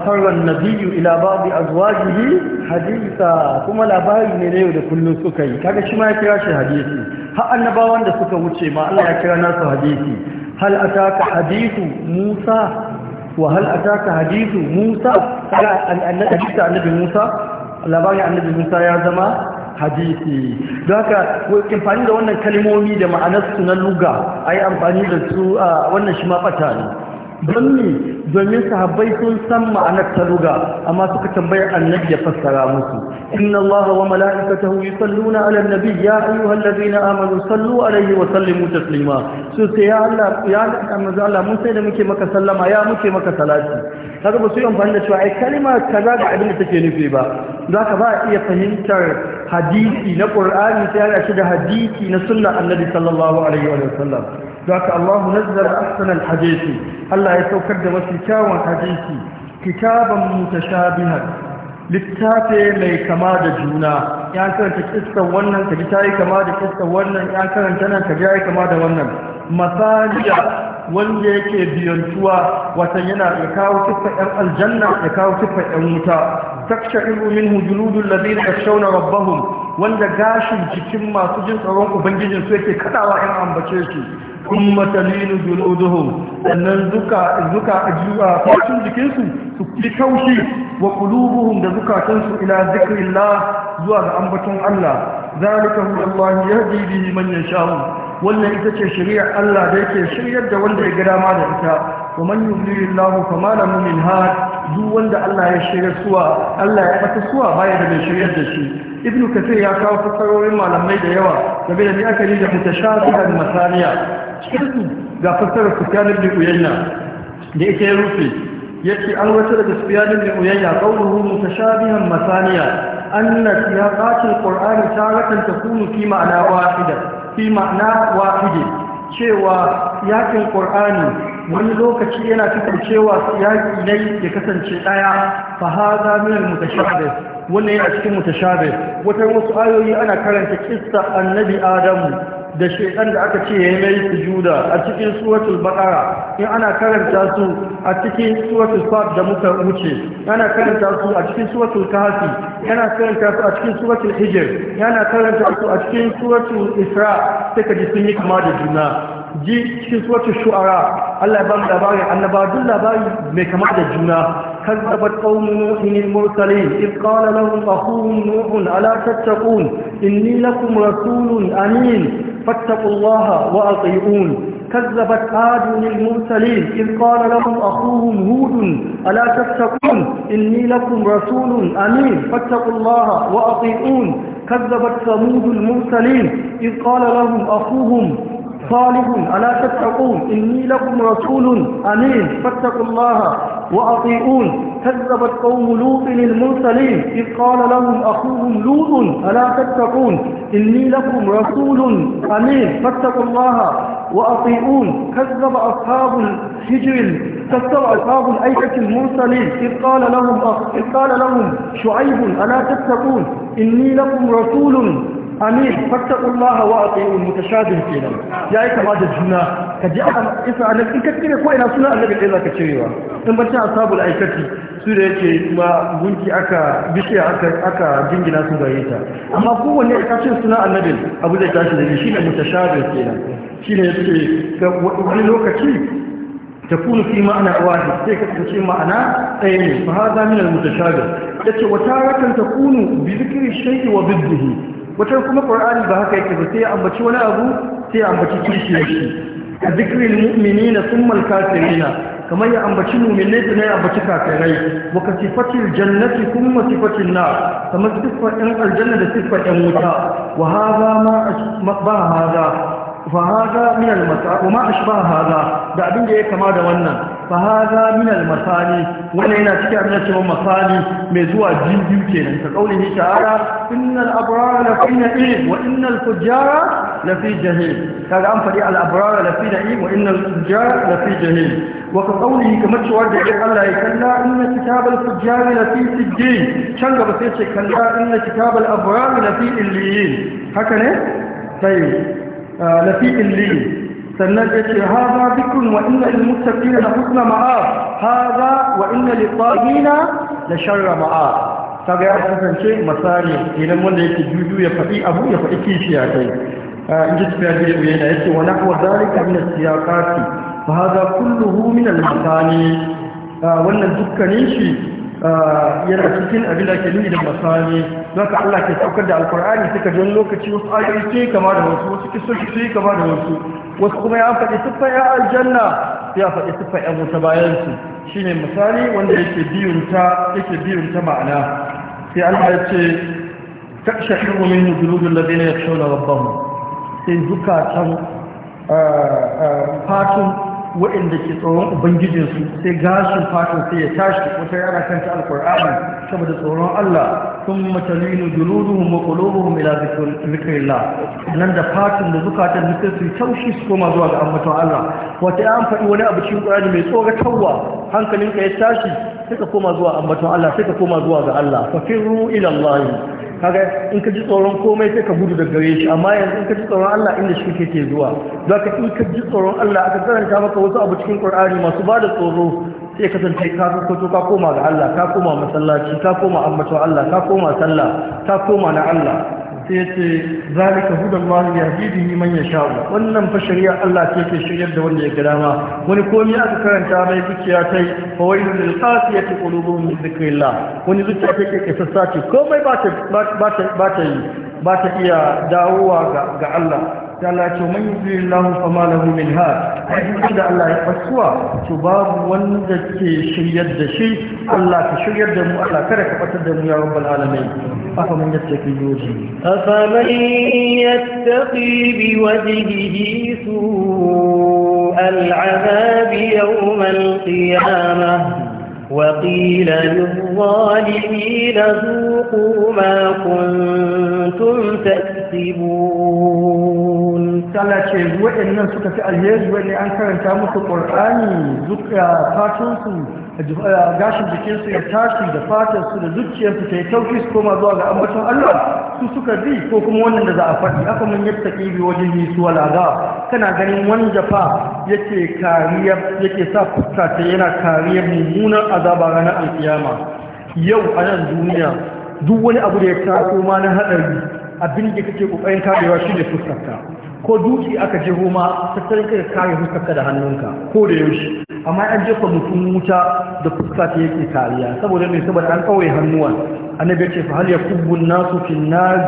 asarar nabiyu ila babu azwajihi hadisa kuma labari ne na yau da kullum suka yi kaga shi ma ya kira shi hadisi har annabawan da suka wuce ma Allah ya kira nasu hadisi hal ataka hadithu Musa wa hal ataka hadithu Musa kaga annabi Musa labarin annabi Musa ya zama hadisi don haka amfani da wannan kalmomi da ma'anar su na luga a yi amfani da su a wannan shi ma fata ne don ne domin sahabbai sun san ma'anar ta ruga amma suka tambayar annabi ya fassara musu inna Allah wa mala'ikatahu yusalluna 'alan nabiy ya ayyuhallazina amanu sallu alayhi wa sallimu taslima so sai ya Allah ya Allah mun sai da muke maka sallama ya muke maka salati kaga ba su yi amfani da cewa ai kalma kaza ga abin da take nufi ba za ka ba a iya fahimtar hadisi na ƙur'ani ta yada shi da hadisi na sunna annabi sallallahu alaihi wa sallam ذاك الله نزل أحسن الحديث الله يتوكد وسكاوى الحديث كتابا متشابها littafe mai kama da juna ya karanta kistan wannan ka ji ta yi kama da kistan wannan ya karanta nan ka ji ya yi kama da wannan masaniya wanda yake biyantuwa wata yana ya kawo kiffa aljanna ya kawo kiffa yan wuta takshairu minhu juludul ladina yakhshawna rabbahum wanda gashin jikin masu jin tsaron ubangijin su yake kadawa yan ambace su kuma talinu juluduhum sannan zuka zuka ajuwa fatin jikin jikinsu, su fi kaushi wa qulubuhum da zukatan su ila zikrillah zuwa ga ambaton Allah zalika huwa Allah yar bihi man yasha'u wannan ita ce shari'ar Allah da yake shiryar da wanda ya gida ma da ita wa man yudlilillahu fama lahu min had duk wanda Allah ya shirya suwa Allah ya fata suwa baya da mai shiryar da shi ibnu kathir ya kawo fasarorin malamai da yawa game da ni aka da mutashabihan masaniya cikin ga fasarar sufyan ibn uyayna da yake ya rufe yace an wata daga sufyan ibn uyayna qawluhu mutashabihan masaniya anna siyaqatil qur'ani taratan takunu fi ma'ana wahida fi ma'ana wahide cewa yakin qur'ani wani lokaci yana cikin cewa yaki dai ya kasance daya fa hada min mutashabih wannan yana cikin mutashabih wata wasu ayoyi ana karanta kissa annabi adamu da shekan da aka ce ya mai sujuda a cikin suratul baqara in ana karanta su a cikin suratul fat da muka wuce ana karanta su a cikin suratul kahfi yana karanta su a cikin suratul hijir. yana karanta su a cikin suratul isra sai ka ji sun yi kama da juna ji cikin suwacin shu'ara Allah ya ba mu labarin annaba duk labari mai kama da juna kan tabbat qaumun mu'minin mursalin id qala lahum akhuhum nuhun ala tattaqun inni lakum rasulun amin فاتقوا الله وأطيعون كذبت عاد للمرسلين إذ قال لهم أخوهم هود ألا تتقون إني لكم رسول أمين فاتقوا الله وأطيعون كذبت ثمود المرسلين إذ قال لهم أخوهم صالح ألا تتقون إني لكم رسول أمين فاتقوا الله وأطيئون كذبت قوم لوط المرسلين إذ قال لهم أخوهم لوط ألا تتقون إني لكم رسول أمين فاتقوا الله وأطيئون كذب أصحاب الحجر كذب أصحاب الأيكة المرسلين إذ قال لهم أخ... إذ قال لهم شعيب ألا تتقون إني لكم رسول amin fattakullaha wa aqimu mutashabih kenan yayi kama da juna ka ji a isa annabi in ka cire ko ina suna annabi dai zaka cirewa in bacci ashabul aikati su da yake ma gunki aka bishiya aka aka jingina su gare ta amma kowanne ya kace suna annabi abu zai tashi da shi ne mutashabih kenan shine yake ga wani lokaci ta ma'ana ma'ana sai ka تكون في معنى واحد تكون في معنى ثاني wa من المتشابه يتي وتارة تكون بذكر الشيء وضده wata kuma qur'ani ba haka yake ba sai ya ambaci wani abu sai ya ambaci kishi shi A zikril mu'minina thumma al-kafirina kamar ya ambaci mu'minai da ya ambaci kafirai wa kasifatil jannati thumma sifatin na. kamar sifar ɗan aljanna da sifar ɗan wuta wa hadha ma ba haza, fa hadha min al-masa wa ma ashbaha hadha da abin da ya kama da wannan fa hadha min al masani wannan yana cikin abin da cewa masani mai zuwa jinju kenan ka kaulihi ta'ala innal abrara la fi na'im wa innal fujara la fi jahim kaga an fadi al abrara la fi na'im wa innal fujara la fi jahim wa ka kaulihi kamar cewa da Allah ya kalla inna kitabal fujara la fi sijjin can gaba sai ce kalla inna kitabal abrara la fi illiyin haka ne sai la fi illiyin sannan ya ce haza bikun wa inna lil muttaqina la husna ma'a haza wa inna lil taghina la sharra ma'a kaga ya kasance misali idan wanda yake juju ya faɗi abu ya faɗi kishiya kai in ji tafiya da yau yana yake wa nahwa zalika min as-siyaqati fa haza kulluhu min al-masani wannan dukkanin shi yana cikin abin da ke nuni da masani don ka Allah ke saukar da alkur'ani suka don lokaci wasu ayoyi yi kama da wasu wasu su yi kama da wasu wasu kuma ya faɗi siffar ya aljanna ya faɗi siffar ya wuta bayan su shine misali wanda yake biyunta yake biyunta ma'ana sai Allah ya ce ta mu min qulubil ladina yakhshawna rabbahum sai zukatan fatun waɗanda ke tsoron ubangijinsu sai gashin fatan sai ya tashi wata yara kanta alkur'ani saboda tsoron Allah sun matalinu juluduhum wa ila zikrillah nan da fatan da zukatan da su taushi su koma zuwa ga ambaton Allah wata an faɗi wani abu cikin Qur'ani mai tsoratarwa hankalinka ya tashi sai ka koma zuwa ambaton Allah sai ka koma zuwa ga Allah fa firru kaga in ka ji tsoron komai sai ka gudu da gare shi amma yanzu in ka ji tsoron Allah inda shi ke zuwa zaka in ka ji tsoron Allah aka karanta maka wasu abu cikin Qur'ani masu ba da tsoro sai ka san ka koto ka koma ga Allah ka koma masallaci ka koma ammato Allah ka koma sallah ka koma na Allah sai ce zalika hudan Allah ya bibi man ya sha'u wannan fa shari'a Allah ce ke shiryar da wanda ya ga dama wani komai aka karanta mai zuciya tai fa wailul lil qasiyati qulubuhum min dhikrillah wani zuciya take kasassa ce komai ba ta ta ba ta yi ba ta iya dawowa ga Allah Allah ce man yusri Allah fa ma lahu min had ai da Allah ya fasuwa to babu wanda ke shiryar da shi Allah ka shiryar da mu Allah kada ka fatar da mu ya rabbal alamin afa man yattaqi yuji afa man yattaqi bi wajhihi su العذاب يوم القيامة وقيل للظالمين ذوقوا ما كنتم تكسبون Tala ce waɗannan suka fi alheri wani an karanta musu ƙwarƙani fatansu gashin jikinsu ya tashi da fatansu da zuciyarsu ta yi tauki su koma zuwa ga ambaton Allah su suka bi ko kuma wannan da za a faɗi haka mun yadda bi wajen yi su walaga kana ganin wani fa yake yake sa fuska ta yana kariyar mummunan azaba ranar alƙiyama yau a nan duniya duk wani abu da ya taso ma na haɗari abin da kake ƙoƙarin karewa shi ne fuskarka ko duki aka je ma tattalin kai kare fuskarka da hannunka ko da yaushe amma an jefa mutum wuta da fuska ta yake kariya saboda mai saboda an kawai hannuwan annabi ce fa hal yakubbu nasu fil nar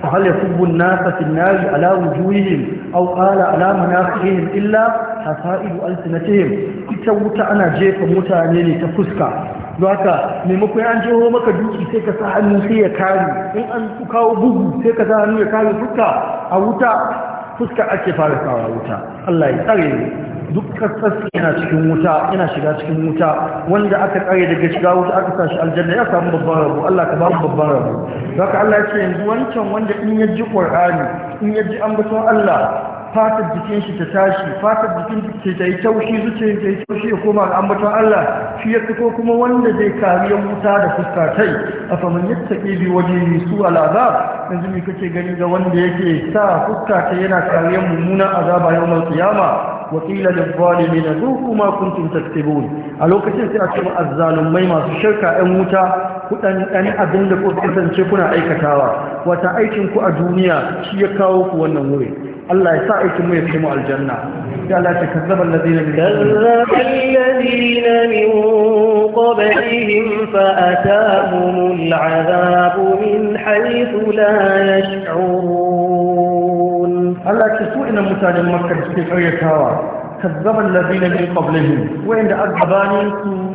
fa hal yakubbu nasu fil nar ala wujuhihim aw qala ala manasihim illa hasaidu alsinatihim ita wuta ana jefa mutane ne ta fuska haka maimakon an jeho maka duki sai ka sa hannu sai ya kare in an kawo bugu sai ka sa hannu ya kare fuska a wuta fuska ake fara kawo wuta Allah ya tsare duk kasarsa yana cikin wuta yana shiga cikin wuta wanda aka tsare daga shiga wuta aka sashi aljanna ya samu babban rabo Allah ka ba babban rabo zaka Allah ya ce yanzu wancan wanda in ya ji Qur'ani in ya ji ambaton Allah fatar jikin shi ta tashi fatar jikin ke ta yi taushi zuce ta yi taushi ya koma ga Allah shi ya ko kuma wanda zai kariya wuta da fuska tai a faman yadda bi waje su al'aza yanzu me kake gani ga wanda yake sa fuska ta yana kariyar mummuna azaba yawmal ne وقيل للظالمين ذوقوا ما كنتم تكسبون a lokacin sai a ce ma azzalumai masu shirka 'yan wuta kuɗan ɗan abin da kuka kasance kuna aikatawa wata aikin ku a duniya shi ya kawo ku wannan wuri الله يساعدك مو يكرموا الجنة قال لا تكذب الذين من كذب الذين من قبلهم فأتاهم العذاب من حيث لا يشعرون الله تسوء إن متاج مكة تسوء يتاوى كذب الذين من قبلهم وإن نمشر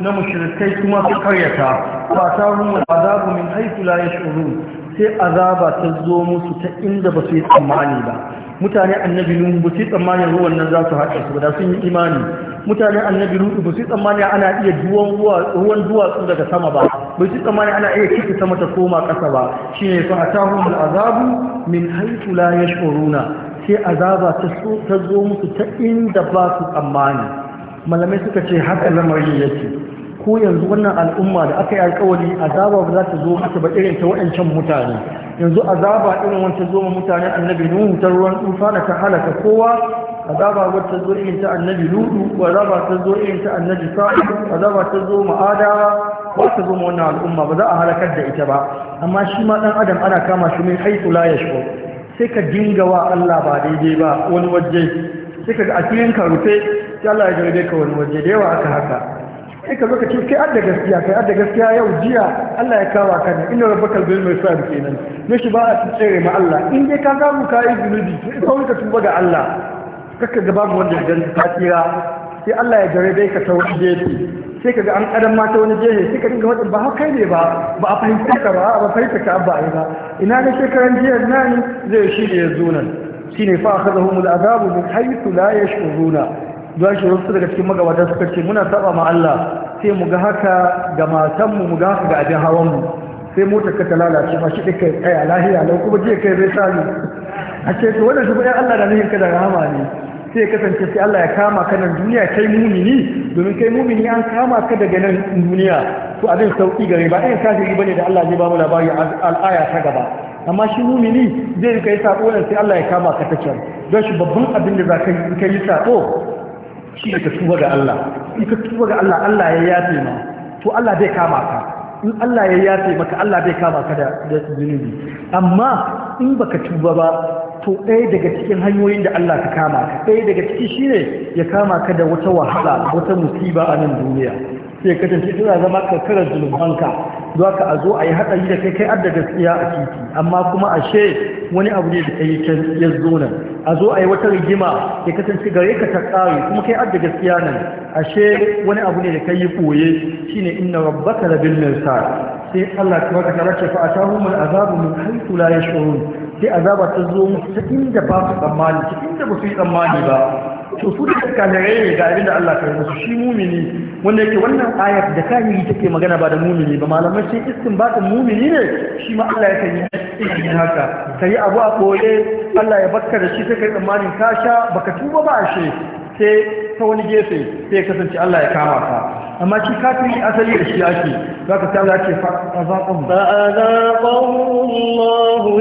نمشركي ما في قريتا فأتاهم العذاب من حيث لا يشعرون sai azaba ta ستئند musu ta mutane annabi nuhu ba su tsammanin ruwan nan za su haɗe su da sun yi imani mutane annabi nuhu ba su tsammanin ana iya duwan ruwan duwatsu daga sama ba ba su tsammanin ana iya kike sama ta koma ƙasa ba ne fa atahum azabu min haythu la yash'uruna sai azaba ta so ta zo musu ta inda ba su tsammani malamai suka ce haka lamarin yake ko yanzu wannan al'umma da aka yi alƙawari azaba ba za ta zo mata ba irin ta waɗancan mutane yanzu azaba irin wanta zo ma mutanen annabi nuhu ta ruwan tsufa da ta halaka kowa azaba wata zo irin ta annabi ludu azaba ta zo irin ta annabi sa'id azaba ta zo ma adawa ba ta zo ma wannan al'umma ba za a halakar da ita ba amma shi ma dan adam ana kama shi min haitu la yashku sai ka dinga wa Allah ba daidai ba wani waje sai ka ga asirin ka rufe sai Allah ya jarabe ka wani waje da yawa aka haka sai ka zo ka ce kai adda gaskiya kai adda gaskiya yau jiya Allah ya kawo ka ne inna rabbakal bil mirsad kenan ne shi ba a tsere ma Allah in dai ka samu ka yi zunubi ko ka tuba ga Allah kaka ga babu wanda ya ta tsira sai Allah ya jare dai ka ta wani gefe sai ka ga an kadan ma ta wani gefe sai ka dinga wadin ba kai ne ba ba a fahimta ka ba ba fahimta ka ba ai ba ina ne shekaran jiya nan zai shi da ya zo nan shine fa akhadahum al-adabu min haythu la yashuruna don shi wasu daga cikin magabata suka ce muna saba ma Allah sai mu ga haka ga matanmu mu ga haka ga abin hawan mu sai motar ka ta lalace ma shi ɗin kai tsaya lahiya lau kuma je kai zai sami a ce to wannan shugaban Allah da nuhin ka da rahama ne sai ya kasance sai Allah ya kama ka nan duniya kai mumini domin kai mumini an kama ka daga nan duniya to abin sauki gare ba ɗayan kafiri bane da Allah zai ba mu labari al'aya ta gaba amma shi mumini zai yi kai sako sai Allah ya kama ka ta can don shi babban abin da za ka yi kai yi sako shi ne ka tuba ga Allah in ka tuba ga Allah Allah ya yafe ma to Allah zai kama ka in Allah ya yafe maka Allah zai kama ka da zunubi amma in baka tuba ba to ɗaya daga cikin hanyoyin da Allah ka kama ka ɗaya daga ciki shine ya kama ka da wata wahala wata musiba a nan duniya sai ka tafi tana zama karkarar zunubanka za ka a zo a yi haɗari da kai kai adda gaskiya a titi amma kuma ashe wani abu ne da kai ya zo nan a zo a yi wata rigima ya kasance gare ka ta ƙari kuma kai adda gaskiya nan ashe wani abu ne da kai yi koye shine inna rabbaka labil mirsad sai Allah ta baka tare ce fa atahumul azabu min haythu la yashurun sai azaba ta zo musu ta inda ba su tsammani ta inda ba su yi tsammani ba to su da kafirai ne ga abinda Allah ka yi musu shi mumini wanda yake wannan ayar da yi take magana ba da mumini ba malamai sai istinbatin mumini ne shi ma Allah ya kan yi irin haka kai abu a koye Allah ya bakka da shi sai kai tsammanin ka sha baka tuba ba shi sai ta wani gefe sai kasance Allah ya kama ka amma shi kafiri asali da shi ake zaka ta Allah ce fa azaqahum fa azaqahum Allahu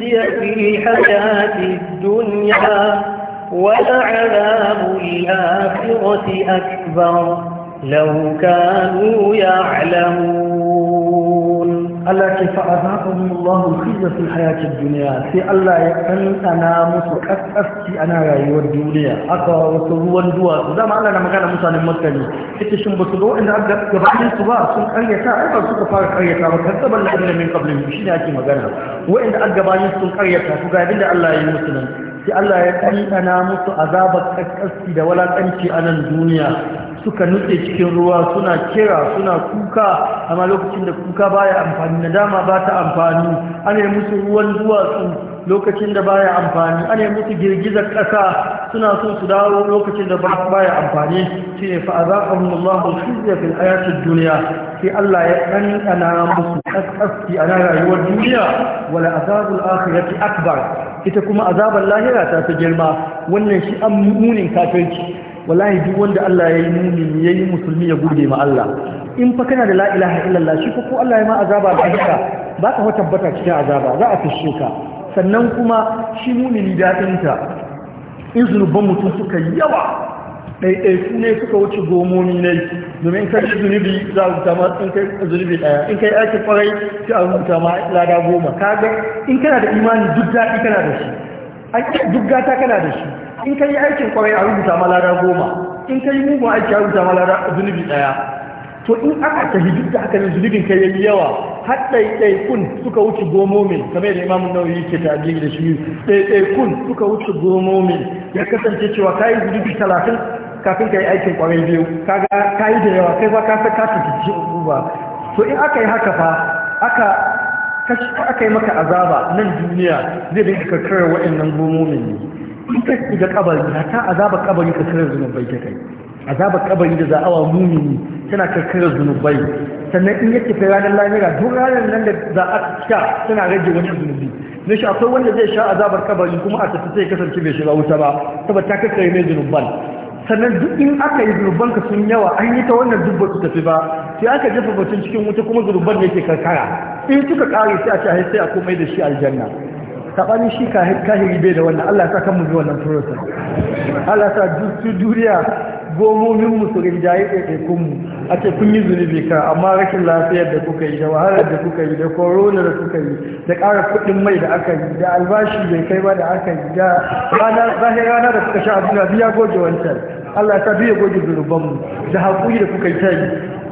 fi hayati dunya ولعذاب الآخرة أكبر لو كانوا يعلمون ألا كيف أذاقهم الله الخزة في الحياة الدنيا في ألا يقن أنا مسكت أفتي أنا رأي والدولية أقوى وصلوا والدواء وذا ما أنا مغانا مسانا حتى إتي شنبطلوا إن أبدا قبعين صباح سن قرية أيضا فارق أي ساعة وكذب الذين من قبل بشي ناتي مغانا وإن أبدا قبعين سن فقال فقابل الله يمسنا sai Allah ya ɗanɗana musu azabar ƙasƙasci da walaƙanci a nan duniya suka nutse cikin ruwa suna kira suna kuka amma lokacin da kuka baya amfani na dama ba ta amfani ana yi musu ruwan duwatsu lokacin da baya amfani ana yi musu girgizar ƙasa suna son su dawo lokacin da baya amfani shi ne fa'azakahun Allahun shirya fil ayatun duniya sai Allah ya ɗanɗana musu ƙasƙasƙi a rayuwar duniya wala azabul akhirati akbar ita kuma azabar lahira ta fi girma wannan shi an munin kafirci wallahi duk wanda Allah ya yi mumin ya yi musulmi ya gode ma Allah in fa kana da la ilaha illallah shi ko Allah ya ma azaba da ba ka tabbata cikin azaba za a fishe ka sannan kuma shi mumini daɗinta in ban mutum suka yi yawa ɗaiɗaiku ne suka wuce gomoni ne domin kai zunubi za a rubuta ma in kai zunubi ɗaya in kai aiki kwarai sai a rubuta ma lada goma kaga in kana da imani duk daɗi kana da shi duk gata kana da shi in kai aikin kwarai a rubuta ma lada goma in kai mugun aiki a rubuta ma lada zunubi ɗaya to in aka ta hijib da haka zunubin kai yayi yawa har kun suka wuce gomomin kamar da imamun nauyi ta tabiri da shi ɗaiɗaikun suka wuce gomomin ya kasance cewa kayi zunubi talatin kafin ka aikin kwarai biyu kaga kayi da yawa kai ba ka ka ta ji ba to in aka yi haka fa aka aka yi maka azaba nan duniya zai dinka karkar wa'annan gomomin ne in ka shiga kabari ta azaba kabari ka kare zuwa ta kai azabar kabari da za'awa mumini tana karkarar zunubai sannan in yake tafi ranar lamira duk ranar nan da za a sha tana rage wani zunubi na shi akwai wanda zai sha azabar kabari kuma a tafi sai kasance bai shiga wuta ba saboda ta kakkare mai zunuban sannan duk in aka yi zunuban ka sun yawa an yi ta wannan duk su tafi ba sai aka jefa batun cikin wuta kuma zunuban ne ke karkara in suka kare sai a ce sai a komai da shi aljanna saɓanin shi kahiri bai da wannan allah ya sa kan mu bi wannan furosa allah ya sa duk duniya gomomin musu su rinjaye ɗaiɗaikun mu a ce kun yi zunubi ka amma rashin lafiyar da kuka yi da wahalar da kuka yi da korona da kuka yi da ƙara kuɗin mai da aka yi da albashi bai kai ba da aka yi da zahir rana da kuka sha a duniya biya goge wancan Allah ya sa biya goge zunubanmu da haƙuri da kuka yi ta yi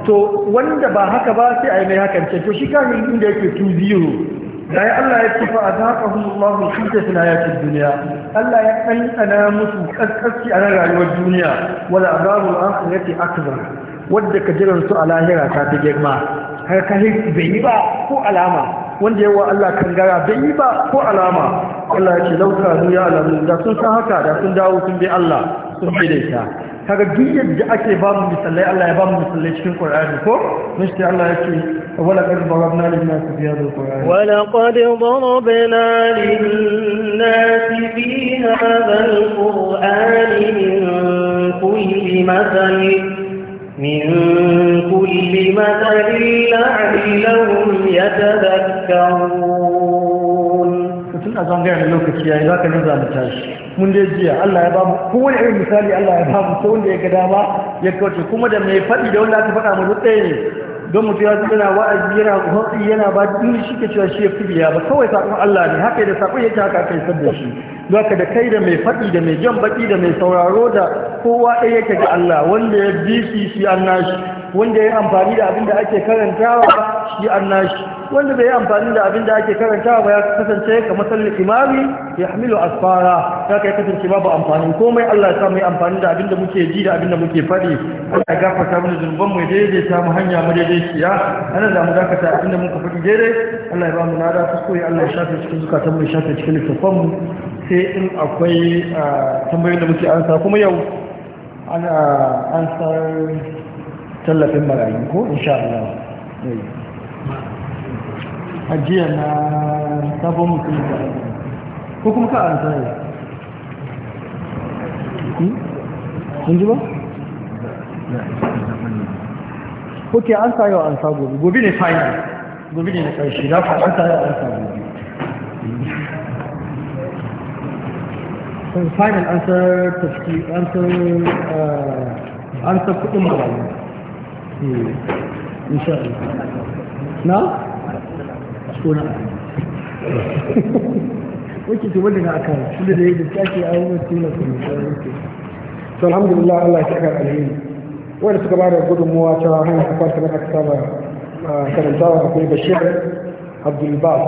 to wanda ba haka ba sai a yi mai hakan ce to shi kan inda yake 2-0 gaya Allah ya kifa a zaƙahun Allah ce suna yakin duniya Allah ya ɗanɗana musu ƙasƙasci a rayuwar duniya wala azabul akhirati akbar wadda ka jiran su a lahira ta ta girma har ka bai yi ba ko alama wanda yawa Allah kan gara bai yi ba ko alama Allah ya ce lauka ya alamu da sun san haka da sun dawo sun bi Allah sun daidaita kaga duk yadda ake ba mu misalai Allah ya ba mu misalai cikin Qur'ani ko mun sai Allah ya ce wala qad darabna lin-nasi fi hadha al-Qur'an wala qad darabna lin-nasi fi hadha al-Qur'an min kulli mathal min kulli mathal la'allahum yatadhakkarun a zangayar lokaci yayi zaka nuna mu tashi mun dai jiya Allah ya ko wani irin misali Allah ya mu sai wanda ya ga dama ya kauce kuma da mai faɗi da wanda aka faɗa mu ɗaya ne don mu ya zama yana wa'azi yana hotsi yana ba duk shi ke cewa shi ya fibiya ba kawai saƙon Allah ne haka da saƙon yake haka aka yi da shi zaka da kai da mai faɗi da mai jan baki da mai sauraro da kowa ɗaya yake ga Allah wanda ya bi shi shi an nashi wanda ya amfani da abin da ake karantawa shi an nashi wanda bai amfani da abin da ake karantawa ba ya kasance kamar sallin imami ya hamilu asfara ya kai kasance babu amfani komai Allah ya samu amfani da abin da muke ji da abin da muke faɗi Allah ya gafarta mana zunuban mu daidai ta mu hanya mu daidai kiya ana da mu dakata abin da muka faɗi daidai Allah ya ba mu nada kuskure Allah ya shafe cikin zukatan mu ya shafe cikin littafan mu sai in akwai ah, tambayoyin da muke ansa kuma yau ana ah, ansar tallafin marayu ko insha Allah eh. ajiya na sabon mutum da ko kuma ka an tsaye hmm? kun ji ba? ok an tsaye yau an sa gobe gobe ne final gobe ne na ƙarshe da an tsaye wa an sa gobe final answer tafki an eh, answer kudin marayu hmm. insha Allah na ko na wacce ce wanda na aka tunda da yadda ta ce ayi wani tuna su ne to alhamdulillah Allah ya saka alheri wanda suka bada gudunmuwa ta hanyar kafar kamar aka saba karantawa akwai bashir abdulbab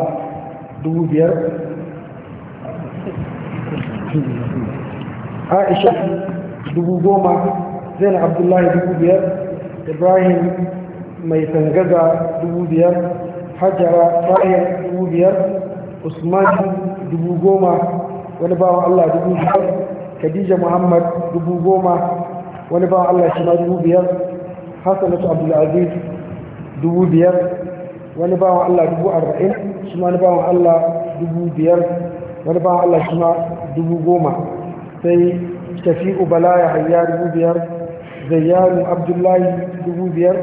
dubu biyar aisha dubu goma zainab abdullahi dubu biyar ibrahim mai tangaza dubu biyar hajjara ta'ayar dubu biyar usman dubu goma wani bawan allah dubu biyar khadija muhammad dubu goma wani bawan allah shi ma dubu biyar hassanatu abdulaziz dubu biyar wani bawan allah dubu arba'in shi ma wani bawan allah dubu biyar wani bawan allah shi ma dubu goma sai shafi'u bala ya hayya dubu biyar zayyanu abdullahi dubu biyar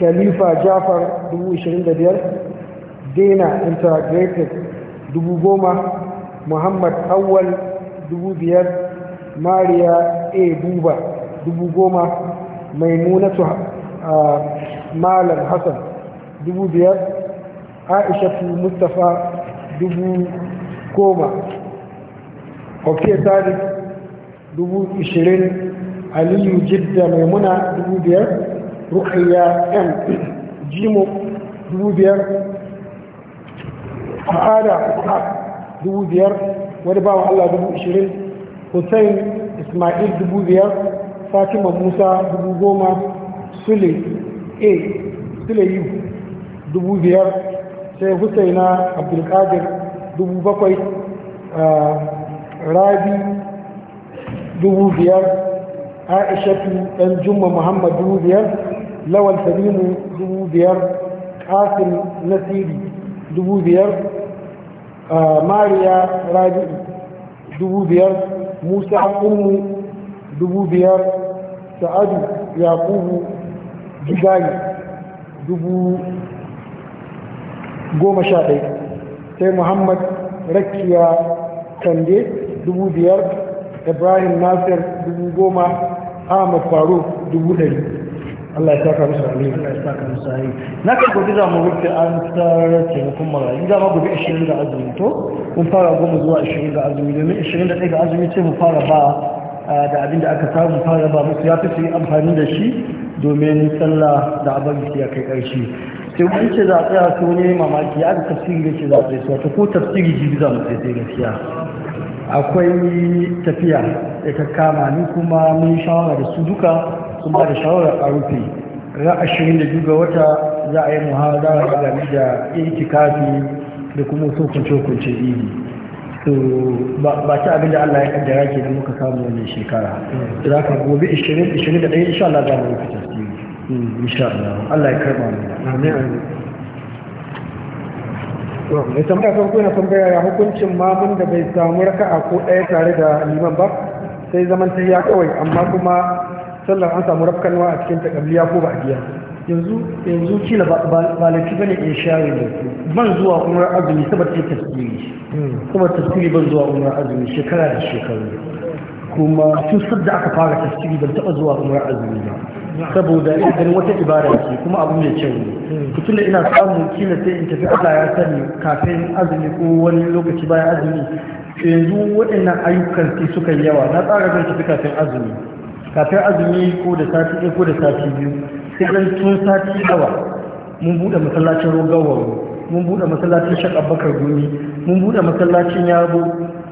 khalifa jafar 25,000 dina integrated 10,000 muhammad awal 5,000 mariya a buba 10,000 maimunatu malam hassan 5,000 aishatu mustafa 10,000 ok tarif 20,000 aliyu jidda maimuna 5,000 rukayya m jimo dubu biyar ma'ada dubu biyar wani bawa allah dubu hussein ismail dubu biyar fatima musa dubu goma sule a sule dubu biyar sai husaina abdulkadir dubu bakwai ah, rabi dubu biyar ɗan juma muhammad dubu لول سليم دبو بيار قاسم نسيب دبو بيار آه، ماريا راجئ دبو بيار موسى أم دبو بيار سعد يعقوب جداي دبو قوم شاقي سي محمد ركيا كندي دبو بيار إبراهيم ناصر دبو قوم أحمد فاروق دبو دي. Allah ya saka musu alheri Allah ya saka musu alheri na kan gobe za mu rufe an tsara taimakon marayu za mu gobe 20 ga azumi to mun fara goma zuwa 20 ga azumi domin 21 ga azumi ce mu fara ba da abin da aka samu fara ba musu ya fi su amfani da shi domin sallah da abin ya kai ƙarshe sai mun ce za a tsaya su ne mamaki aka tafsiri da ce za a tsaya su ko tafsiri jibi za mu tsaye gaskiya akwai tafiya da kakkama kama ni kuma mun shawara da su duka kuma da shawarar a rufe ran ashirin da biyu ga wata za a yi a game da itikafi da kuma wasu kunce-kunce idi to ba ta abin da Allah ya kaddara ke da muka samu wani shekara za ka gobe 20 21 insha Allah za mu rufe tasiri hmm, insha Allah Allah ya karba mu amin mai tambaya farko yana tambaya ya hukuncin mamun da bai samu raka'a ko ɗaya tare da liman ba sai zaman ta kawai amma kuma sallar an samu rafkanwa a cikin takabliya ko ba a biya yanzu yanzu kila ba laifi bane in share da ku ban zuwa umar azumi saboda yin tasiri saboda tasiri ban zuwa umar azumi shekara da shekaru kuma tun sadda aka fara tasiri ban taba zuwa umar azumi ba saboda ina ganin wata ibada ce kuma abu mai kyau ne ku tunda ina samun kila sai in tafi Allah ya sani kafin azumi ko wani lokaci bayan azumi yanzu waɗannan ayyukan sai suka yawa na tsara zan tafi kafin azumi kafin azumi ko da sati ɗaya ko da sati biyu sai ɗan tun sati nawa mun buɗe masallacin rogawar mun buɗe masallacin shak abakar gumi mun buɗe masallacin yabo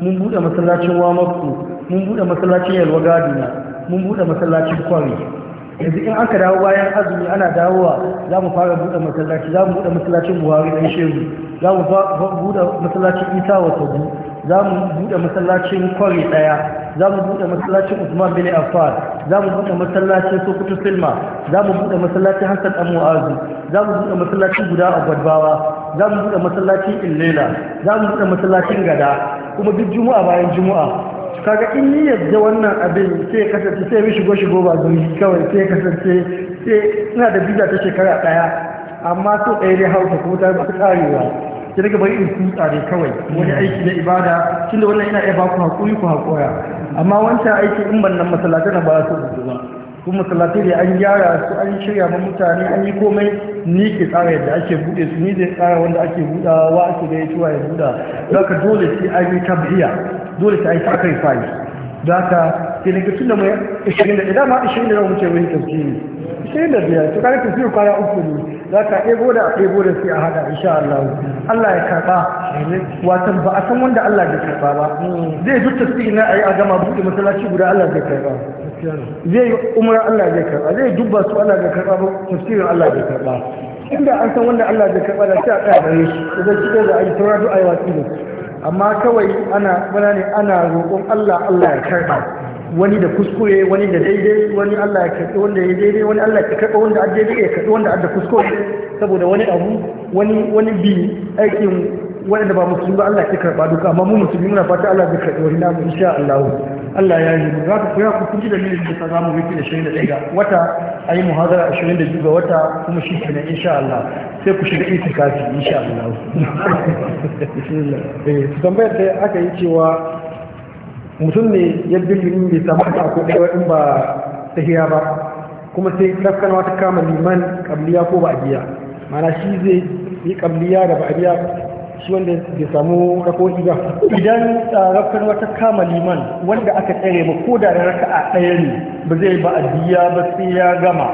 mun buɗe masallacin wamaku mun buɗe masallacin yalwa gadina mun buɗe masallacin kwari yanzu in aka dawo bayan azumi ana dawowa za mu fara buɗe masallaci za mu buɗe masallacin buhari ɗan shehu za mu buɗe masallacin isa wa sabu za mu buɗe masallacin kwari ɗaya za mu buɗe masallacin usman bin affan za mu buɗe masallacin sokoto silma za mu buɗe masallacin hassan dan mu'azu za mu buɗe masallacin guda a gwadbawa za mu buɗe masallacin illela za mu buɗe masallacin gada kuma duk juma'a bayan juma'a kaga in ni yadda wannan abin sai ya kasance sai ya shigo shigo ba zuri kawai sai ya kasance sai ina da biza ta shekara ɗaya amma so ɗaya ne hauka kuma ta ba karewa ki daga bari in kutsa ne kawai wani hmm. aiki na ibada tun da wannan yana iya ba ku haƙuri ku haƙura amma wancan aiki in ban nan masallatai na ba su da ba kuma masallatai da an gyara su an shirya ma mutane an yi komai ni ke tsara yadda ake buɗe su ni zai tsara wanda ake wa ake da ya ciwa ya buɗa za ka dole sai an yi tabbiya dole sai an yi sacrifice za ka sai na gutun da mai 21 dama 20 da wuce wani tafsiri 25 to kare tafsiri kwaya uku ne za ka ɗebo da a ɗebo da sai a haɗa insha Allah Allah ya karɓa watan ba a san wanda Allah ya karɓa ba zai duk su ina a yi a gama buɗe masallaci guda Allah ya karɓa zai umar Allah ya karɓa zai dubba su Allah ya karɓa ba tafsirin Allah ya karɓa inda an san wanda Allah ya karɓa da shi a tsaya shi idan kike da ayi sauraro ayi watsi amma kawai ana wani ne ana roƙon Allah Allah ya karɓa wani da kuskure wani da daidai wani Allah ya karɓi wanda ya daidai wani Allah ya karɓi wanda a daidai ya karɓi wanda a kuskure saboda wani abu wani wani bi aikin da ba musulmi ba Allah ya karɓa duka amma mu musulmi muna fata Allah ya karɓi wani namu insha Allah Allah ya yi za ku koya ku kunji da mini da ta zamu wiki da shirin da ɗaya wata a yi muhazara ashirin da biyu ga wata kuma shi kenan insha Allah sai ku shiga itikafi insha Allah. (laughs) Eh, tambayar da aka yi cewa mutum ne ya bi bai samu ta ko ɗaya in ba sahiya ba kuma sai kaskanawa ta kama liman kabliya ko ba'diya mana shi zai yi kabliya da ba'diya shi wanda bai samu rakoki ba idan rakanwa ah, ta kama liman wanda aka tsere ba ko da raka'a ɗaya ne ba zai ba'diya ba sai ya gama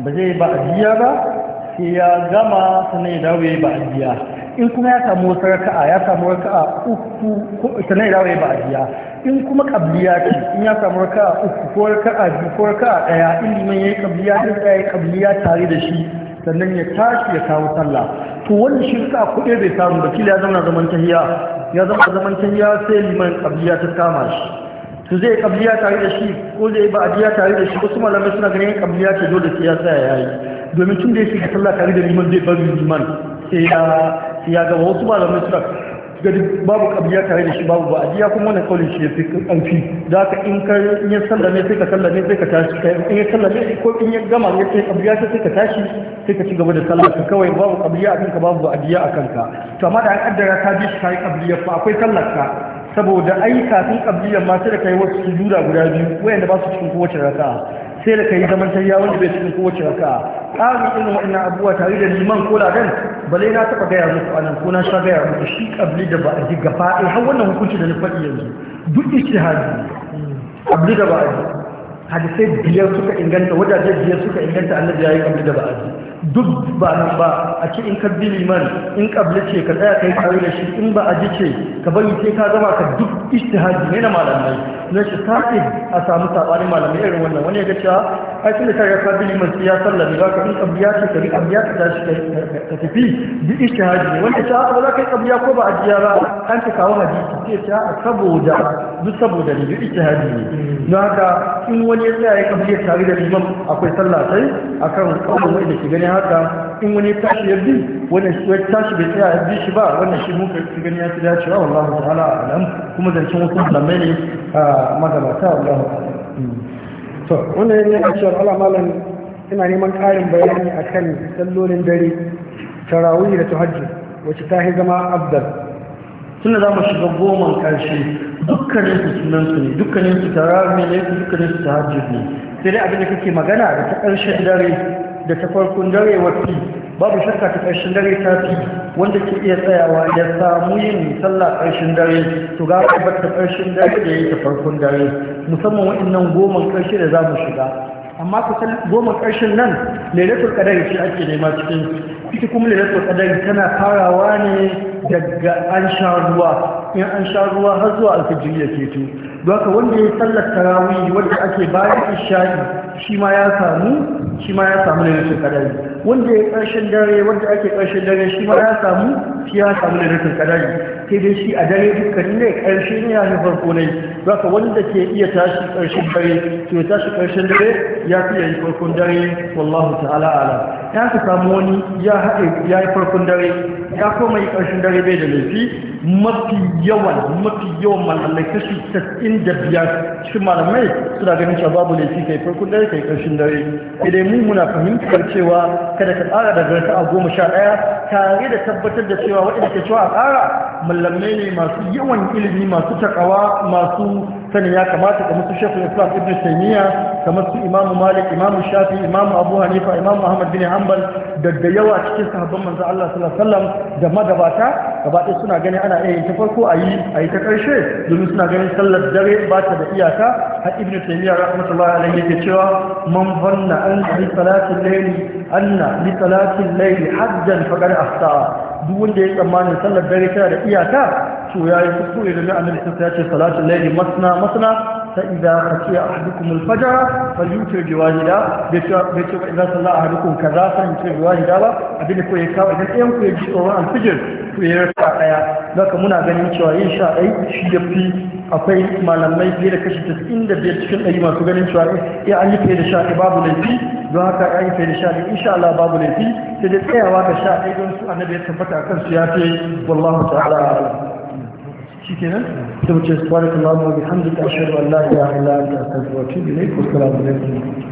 ba zai ba'diya ba sai ya gama sannan ya dawo ya ba'diya in kuma ya samu wasu raka'a ya samu raka'a uku sannan ya dawo ya ba'diya in kuma kabliya ce in ya samu raka uku ko raka a biyu ko raka a ɗaya in liman ya yi kabliya ya yi kabliya tare da shi sannan ya tashi ya kawo sallah to wani shirka kuɗe bai samu ba kila ya zama zaman tahiya ya zama zaman tahiya sai liman kabliya ta kama shi to zai kabliya tare da shi ko zai ba adiya tare da shi wasu malamai suna ganin kabliya ce dole sai ya tsaya ya yi domin tun da ya shiga sallah tare da liman zai bari liman sai ya ga wasu malamai suna ga babu kabiya tare da shi babu ajiya kuma wannan kaulin shi ya fi ƙarfi da ka in ka yi sallame sai ka sallame sai ka tashi in ya sallame ko in ya gama ya kai kabiya sai ka tashi sai ka ci gaba da sallah ka kawai babu kabiya a kanka babu ajiya a kanka to amma da an kaddara ka bi shi kai kabiya fa akwai sallar ka saboda ai kafin kabiya ma sai da kai wasu sujuda guda biyu wayanda ba su cikin kowace raka'a sai da kai zaman tayya wanda bai cikin kowace raka'a ƙarin irin wa'annan abubuwa tare da liman ko ladan bale na taɓa gaya muku a nan ko na sha gaya muku shi ƙabli da ba a ji gaba ɗaya har wannan hukunci da na faɗi yanzu duk hajji ƙabli da ba a ji hadisai biyar suka inganta wajajen biyar suka inganta annabi ya yi ƙabli da ba a ji duk ba nan ba a ce in ka bi liman in kabli ce ka tsaya kai kare da shi in ba a ji ce ka bari sai ka gama ka duk ijtihadi ne na malamai na shi sake a samu sabanin malamai irin wannan wani ya ga cewa ai tun da ka ga bi liman sai ya sallami za ka in ya ce ka bi kabliya ka tashi ka tafi duk ijtihadi ne Wani wanda a, ba za ka yi kabliya ko ba a jiya ba an ta kawo hadisi sai ta saboda duk saboda ne duk ijtihadi ne don haka in wani ya tsaya ya ya tare da liman akwai sallah sai akan kawai da ke gani haka in wani tashi ya bi wani tashi bai tsaya ya bi shi ba wannan shi muka fi gani ya fi Allah ta hala a nan kuma zancen wasu malamai ne a magabata Allah ta to wannan yana cewa Allah malam ina neman ƙarin bayani a kan sallolin dare tarawih da hajji wacce ta zama abdal tunda za mu shiga goman ƙarshe dukkanin su sunan su ne dukkanin su tarawih ne dukkanin su tahajjud ne sai dai abin da kake magana da ta ƙarshen dare da ta farkon dare wafi babu shakka ta ƙarshen dare ta fi wanda ke iya tsayawa ya samu yin sallah ƙarshen dare to ga ba ta ƙarshen dare da ya farkon dare musamman waɗannan goma ƙarshe da za mu shiga amma kusan goma ƙarshen nan lailatul qadar ce ake nema cikin ita kuma lailatul qadar tana farawa ne daga an sha ruwa in an sha ruwa har zuwa alfajiri ya ceto don haka wanda ya yi sallar tarawih wanda ake bayan isha'i shi ma ya samu shi ma ya samu ne rashin kadari wanda ya karshen dare wanda ake karshen dare shi ma ya samu shi ya samu da rashin kadari sai dai shi a dare dukkanin ne karshe ne ya farko ne baka wanda ke iya tashi ƙarshen dare to ya tashi ƙarshen dare ya fi yayi farkon dare wallahu ta'ala ala ya ka samu wani ya haɗe ya yi farkon dare ya koma yi ƙarshen dare bai da laifi mafi yawan mafi yawan malamai kashi tasirin da biyar cikin malamai suna ganin cewa babu laifi kai farkon dare kai ƙarshen dare idan mu muna fahimtar cewa kada ka tsara daga a goma sha ɗaya tare da tabbatar da cewa waɗanda ke cewa a tsara malamai ne masu yawan ilimi masu takawa masu Sani ya kamata kamar su shekul islam ibn taymiya kamar su imam malik imam shafi imam abu hanifa imam ahmad bin hanbal da da yawa cikin sahabban manzo Allah sallallahu alaihi wasallam da magabata gaba ɗaya suna ganin ana iya yin ta farko a yi a yi ta ƙarshe domin suna ganin sallar dare ba ta da iyaka har ibn taymiya rahmatullahi alaihi yake cewa man fanna an li salatin layli anna li salatin layli hajjan faqad afta duk wanda ya tsammanin sallar dare tana da iyaka to ya yi kuskure da annabi sun ya ce salatul layli masna masna fa idza khashiya ahadukum al-fajr falyutir bi wahida bai ce idza salla ahadukum kaza fa yutir bi wahida ba abin da koyi ka idan ɗayan ku ya ji tsoron al-fajr to ya rasa daya daga muna ganin cewa yin sha ɗai shi fi akwai malamai fiye da kashi 95 cikin ɗari masu ganin cewa ya eh, eh, an yi fiye da sha babu laifi don haka ya yi fiye da sha ɗai insha Allah babu laifi sai dai tsayawa da sha don su annabi ya tabbata akan su ya fi wallahu ta'ala shi kenan ta wuce subhanakallahu wa bihamdika ashhadu an la ilaha illa anta astaghfiruka wa atubu ilayk wa assalamu alaikum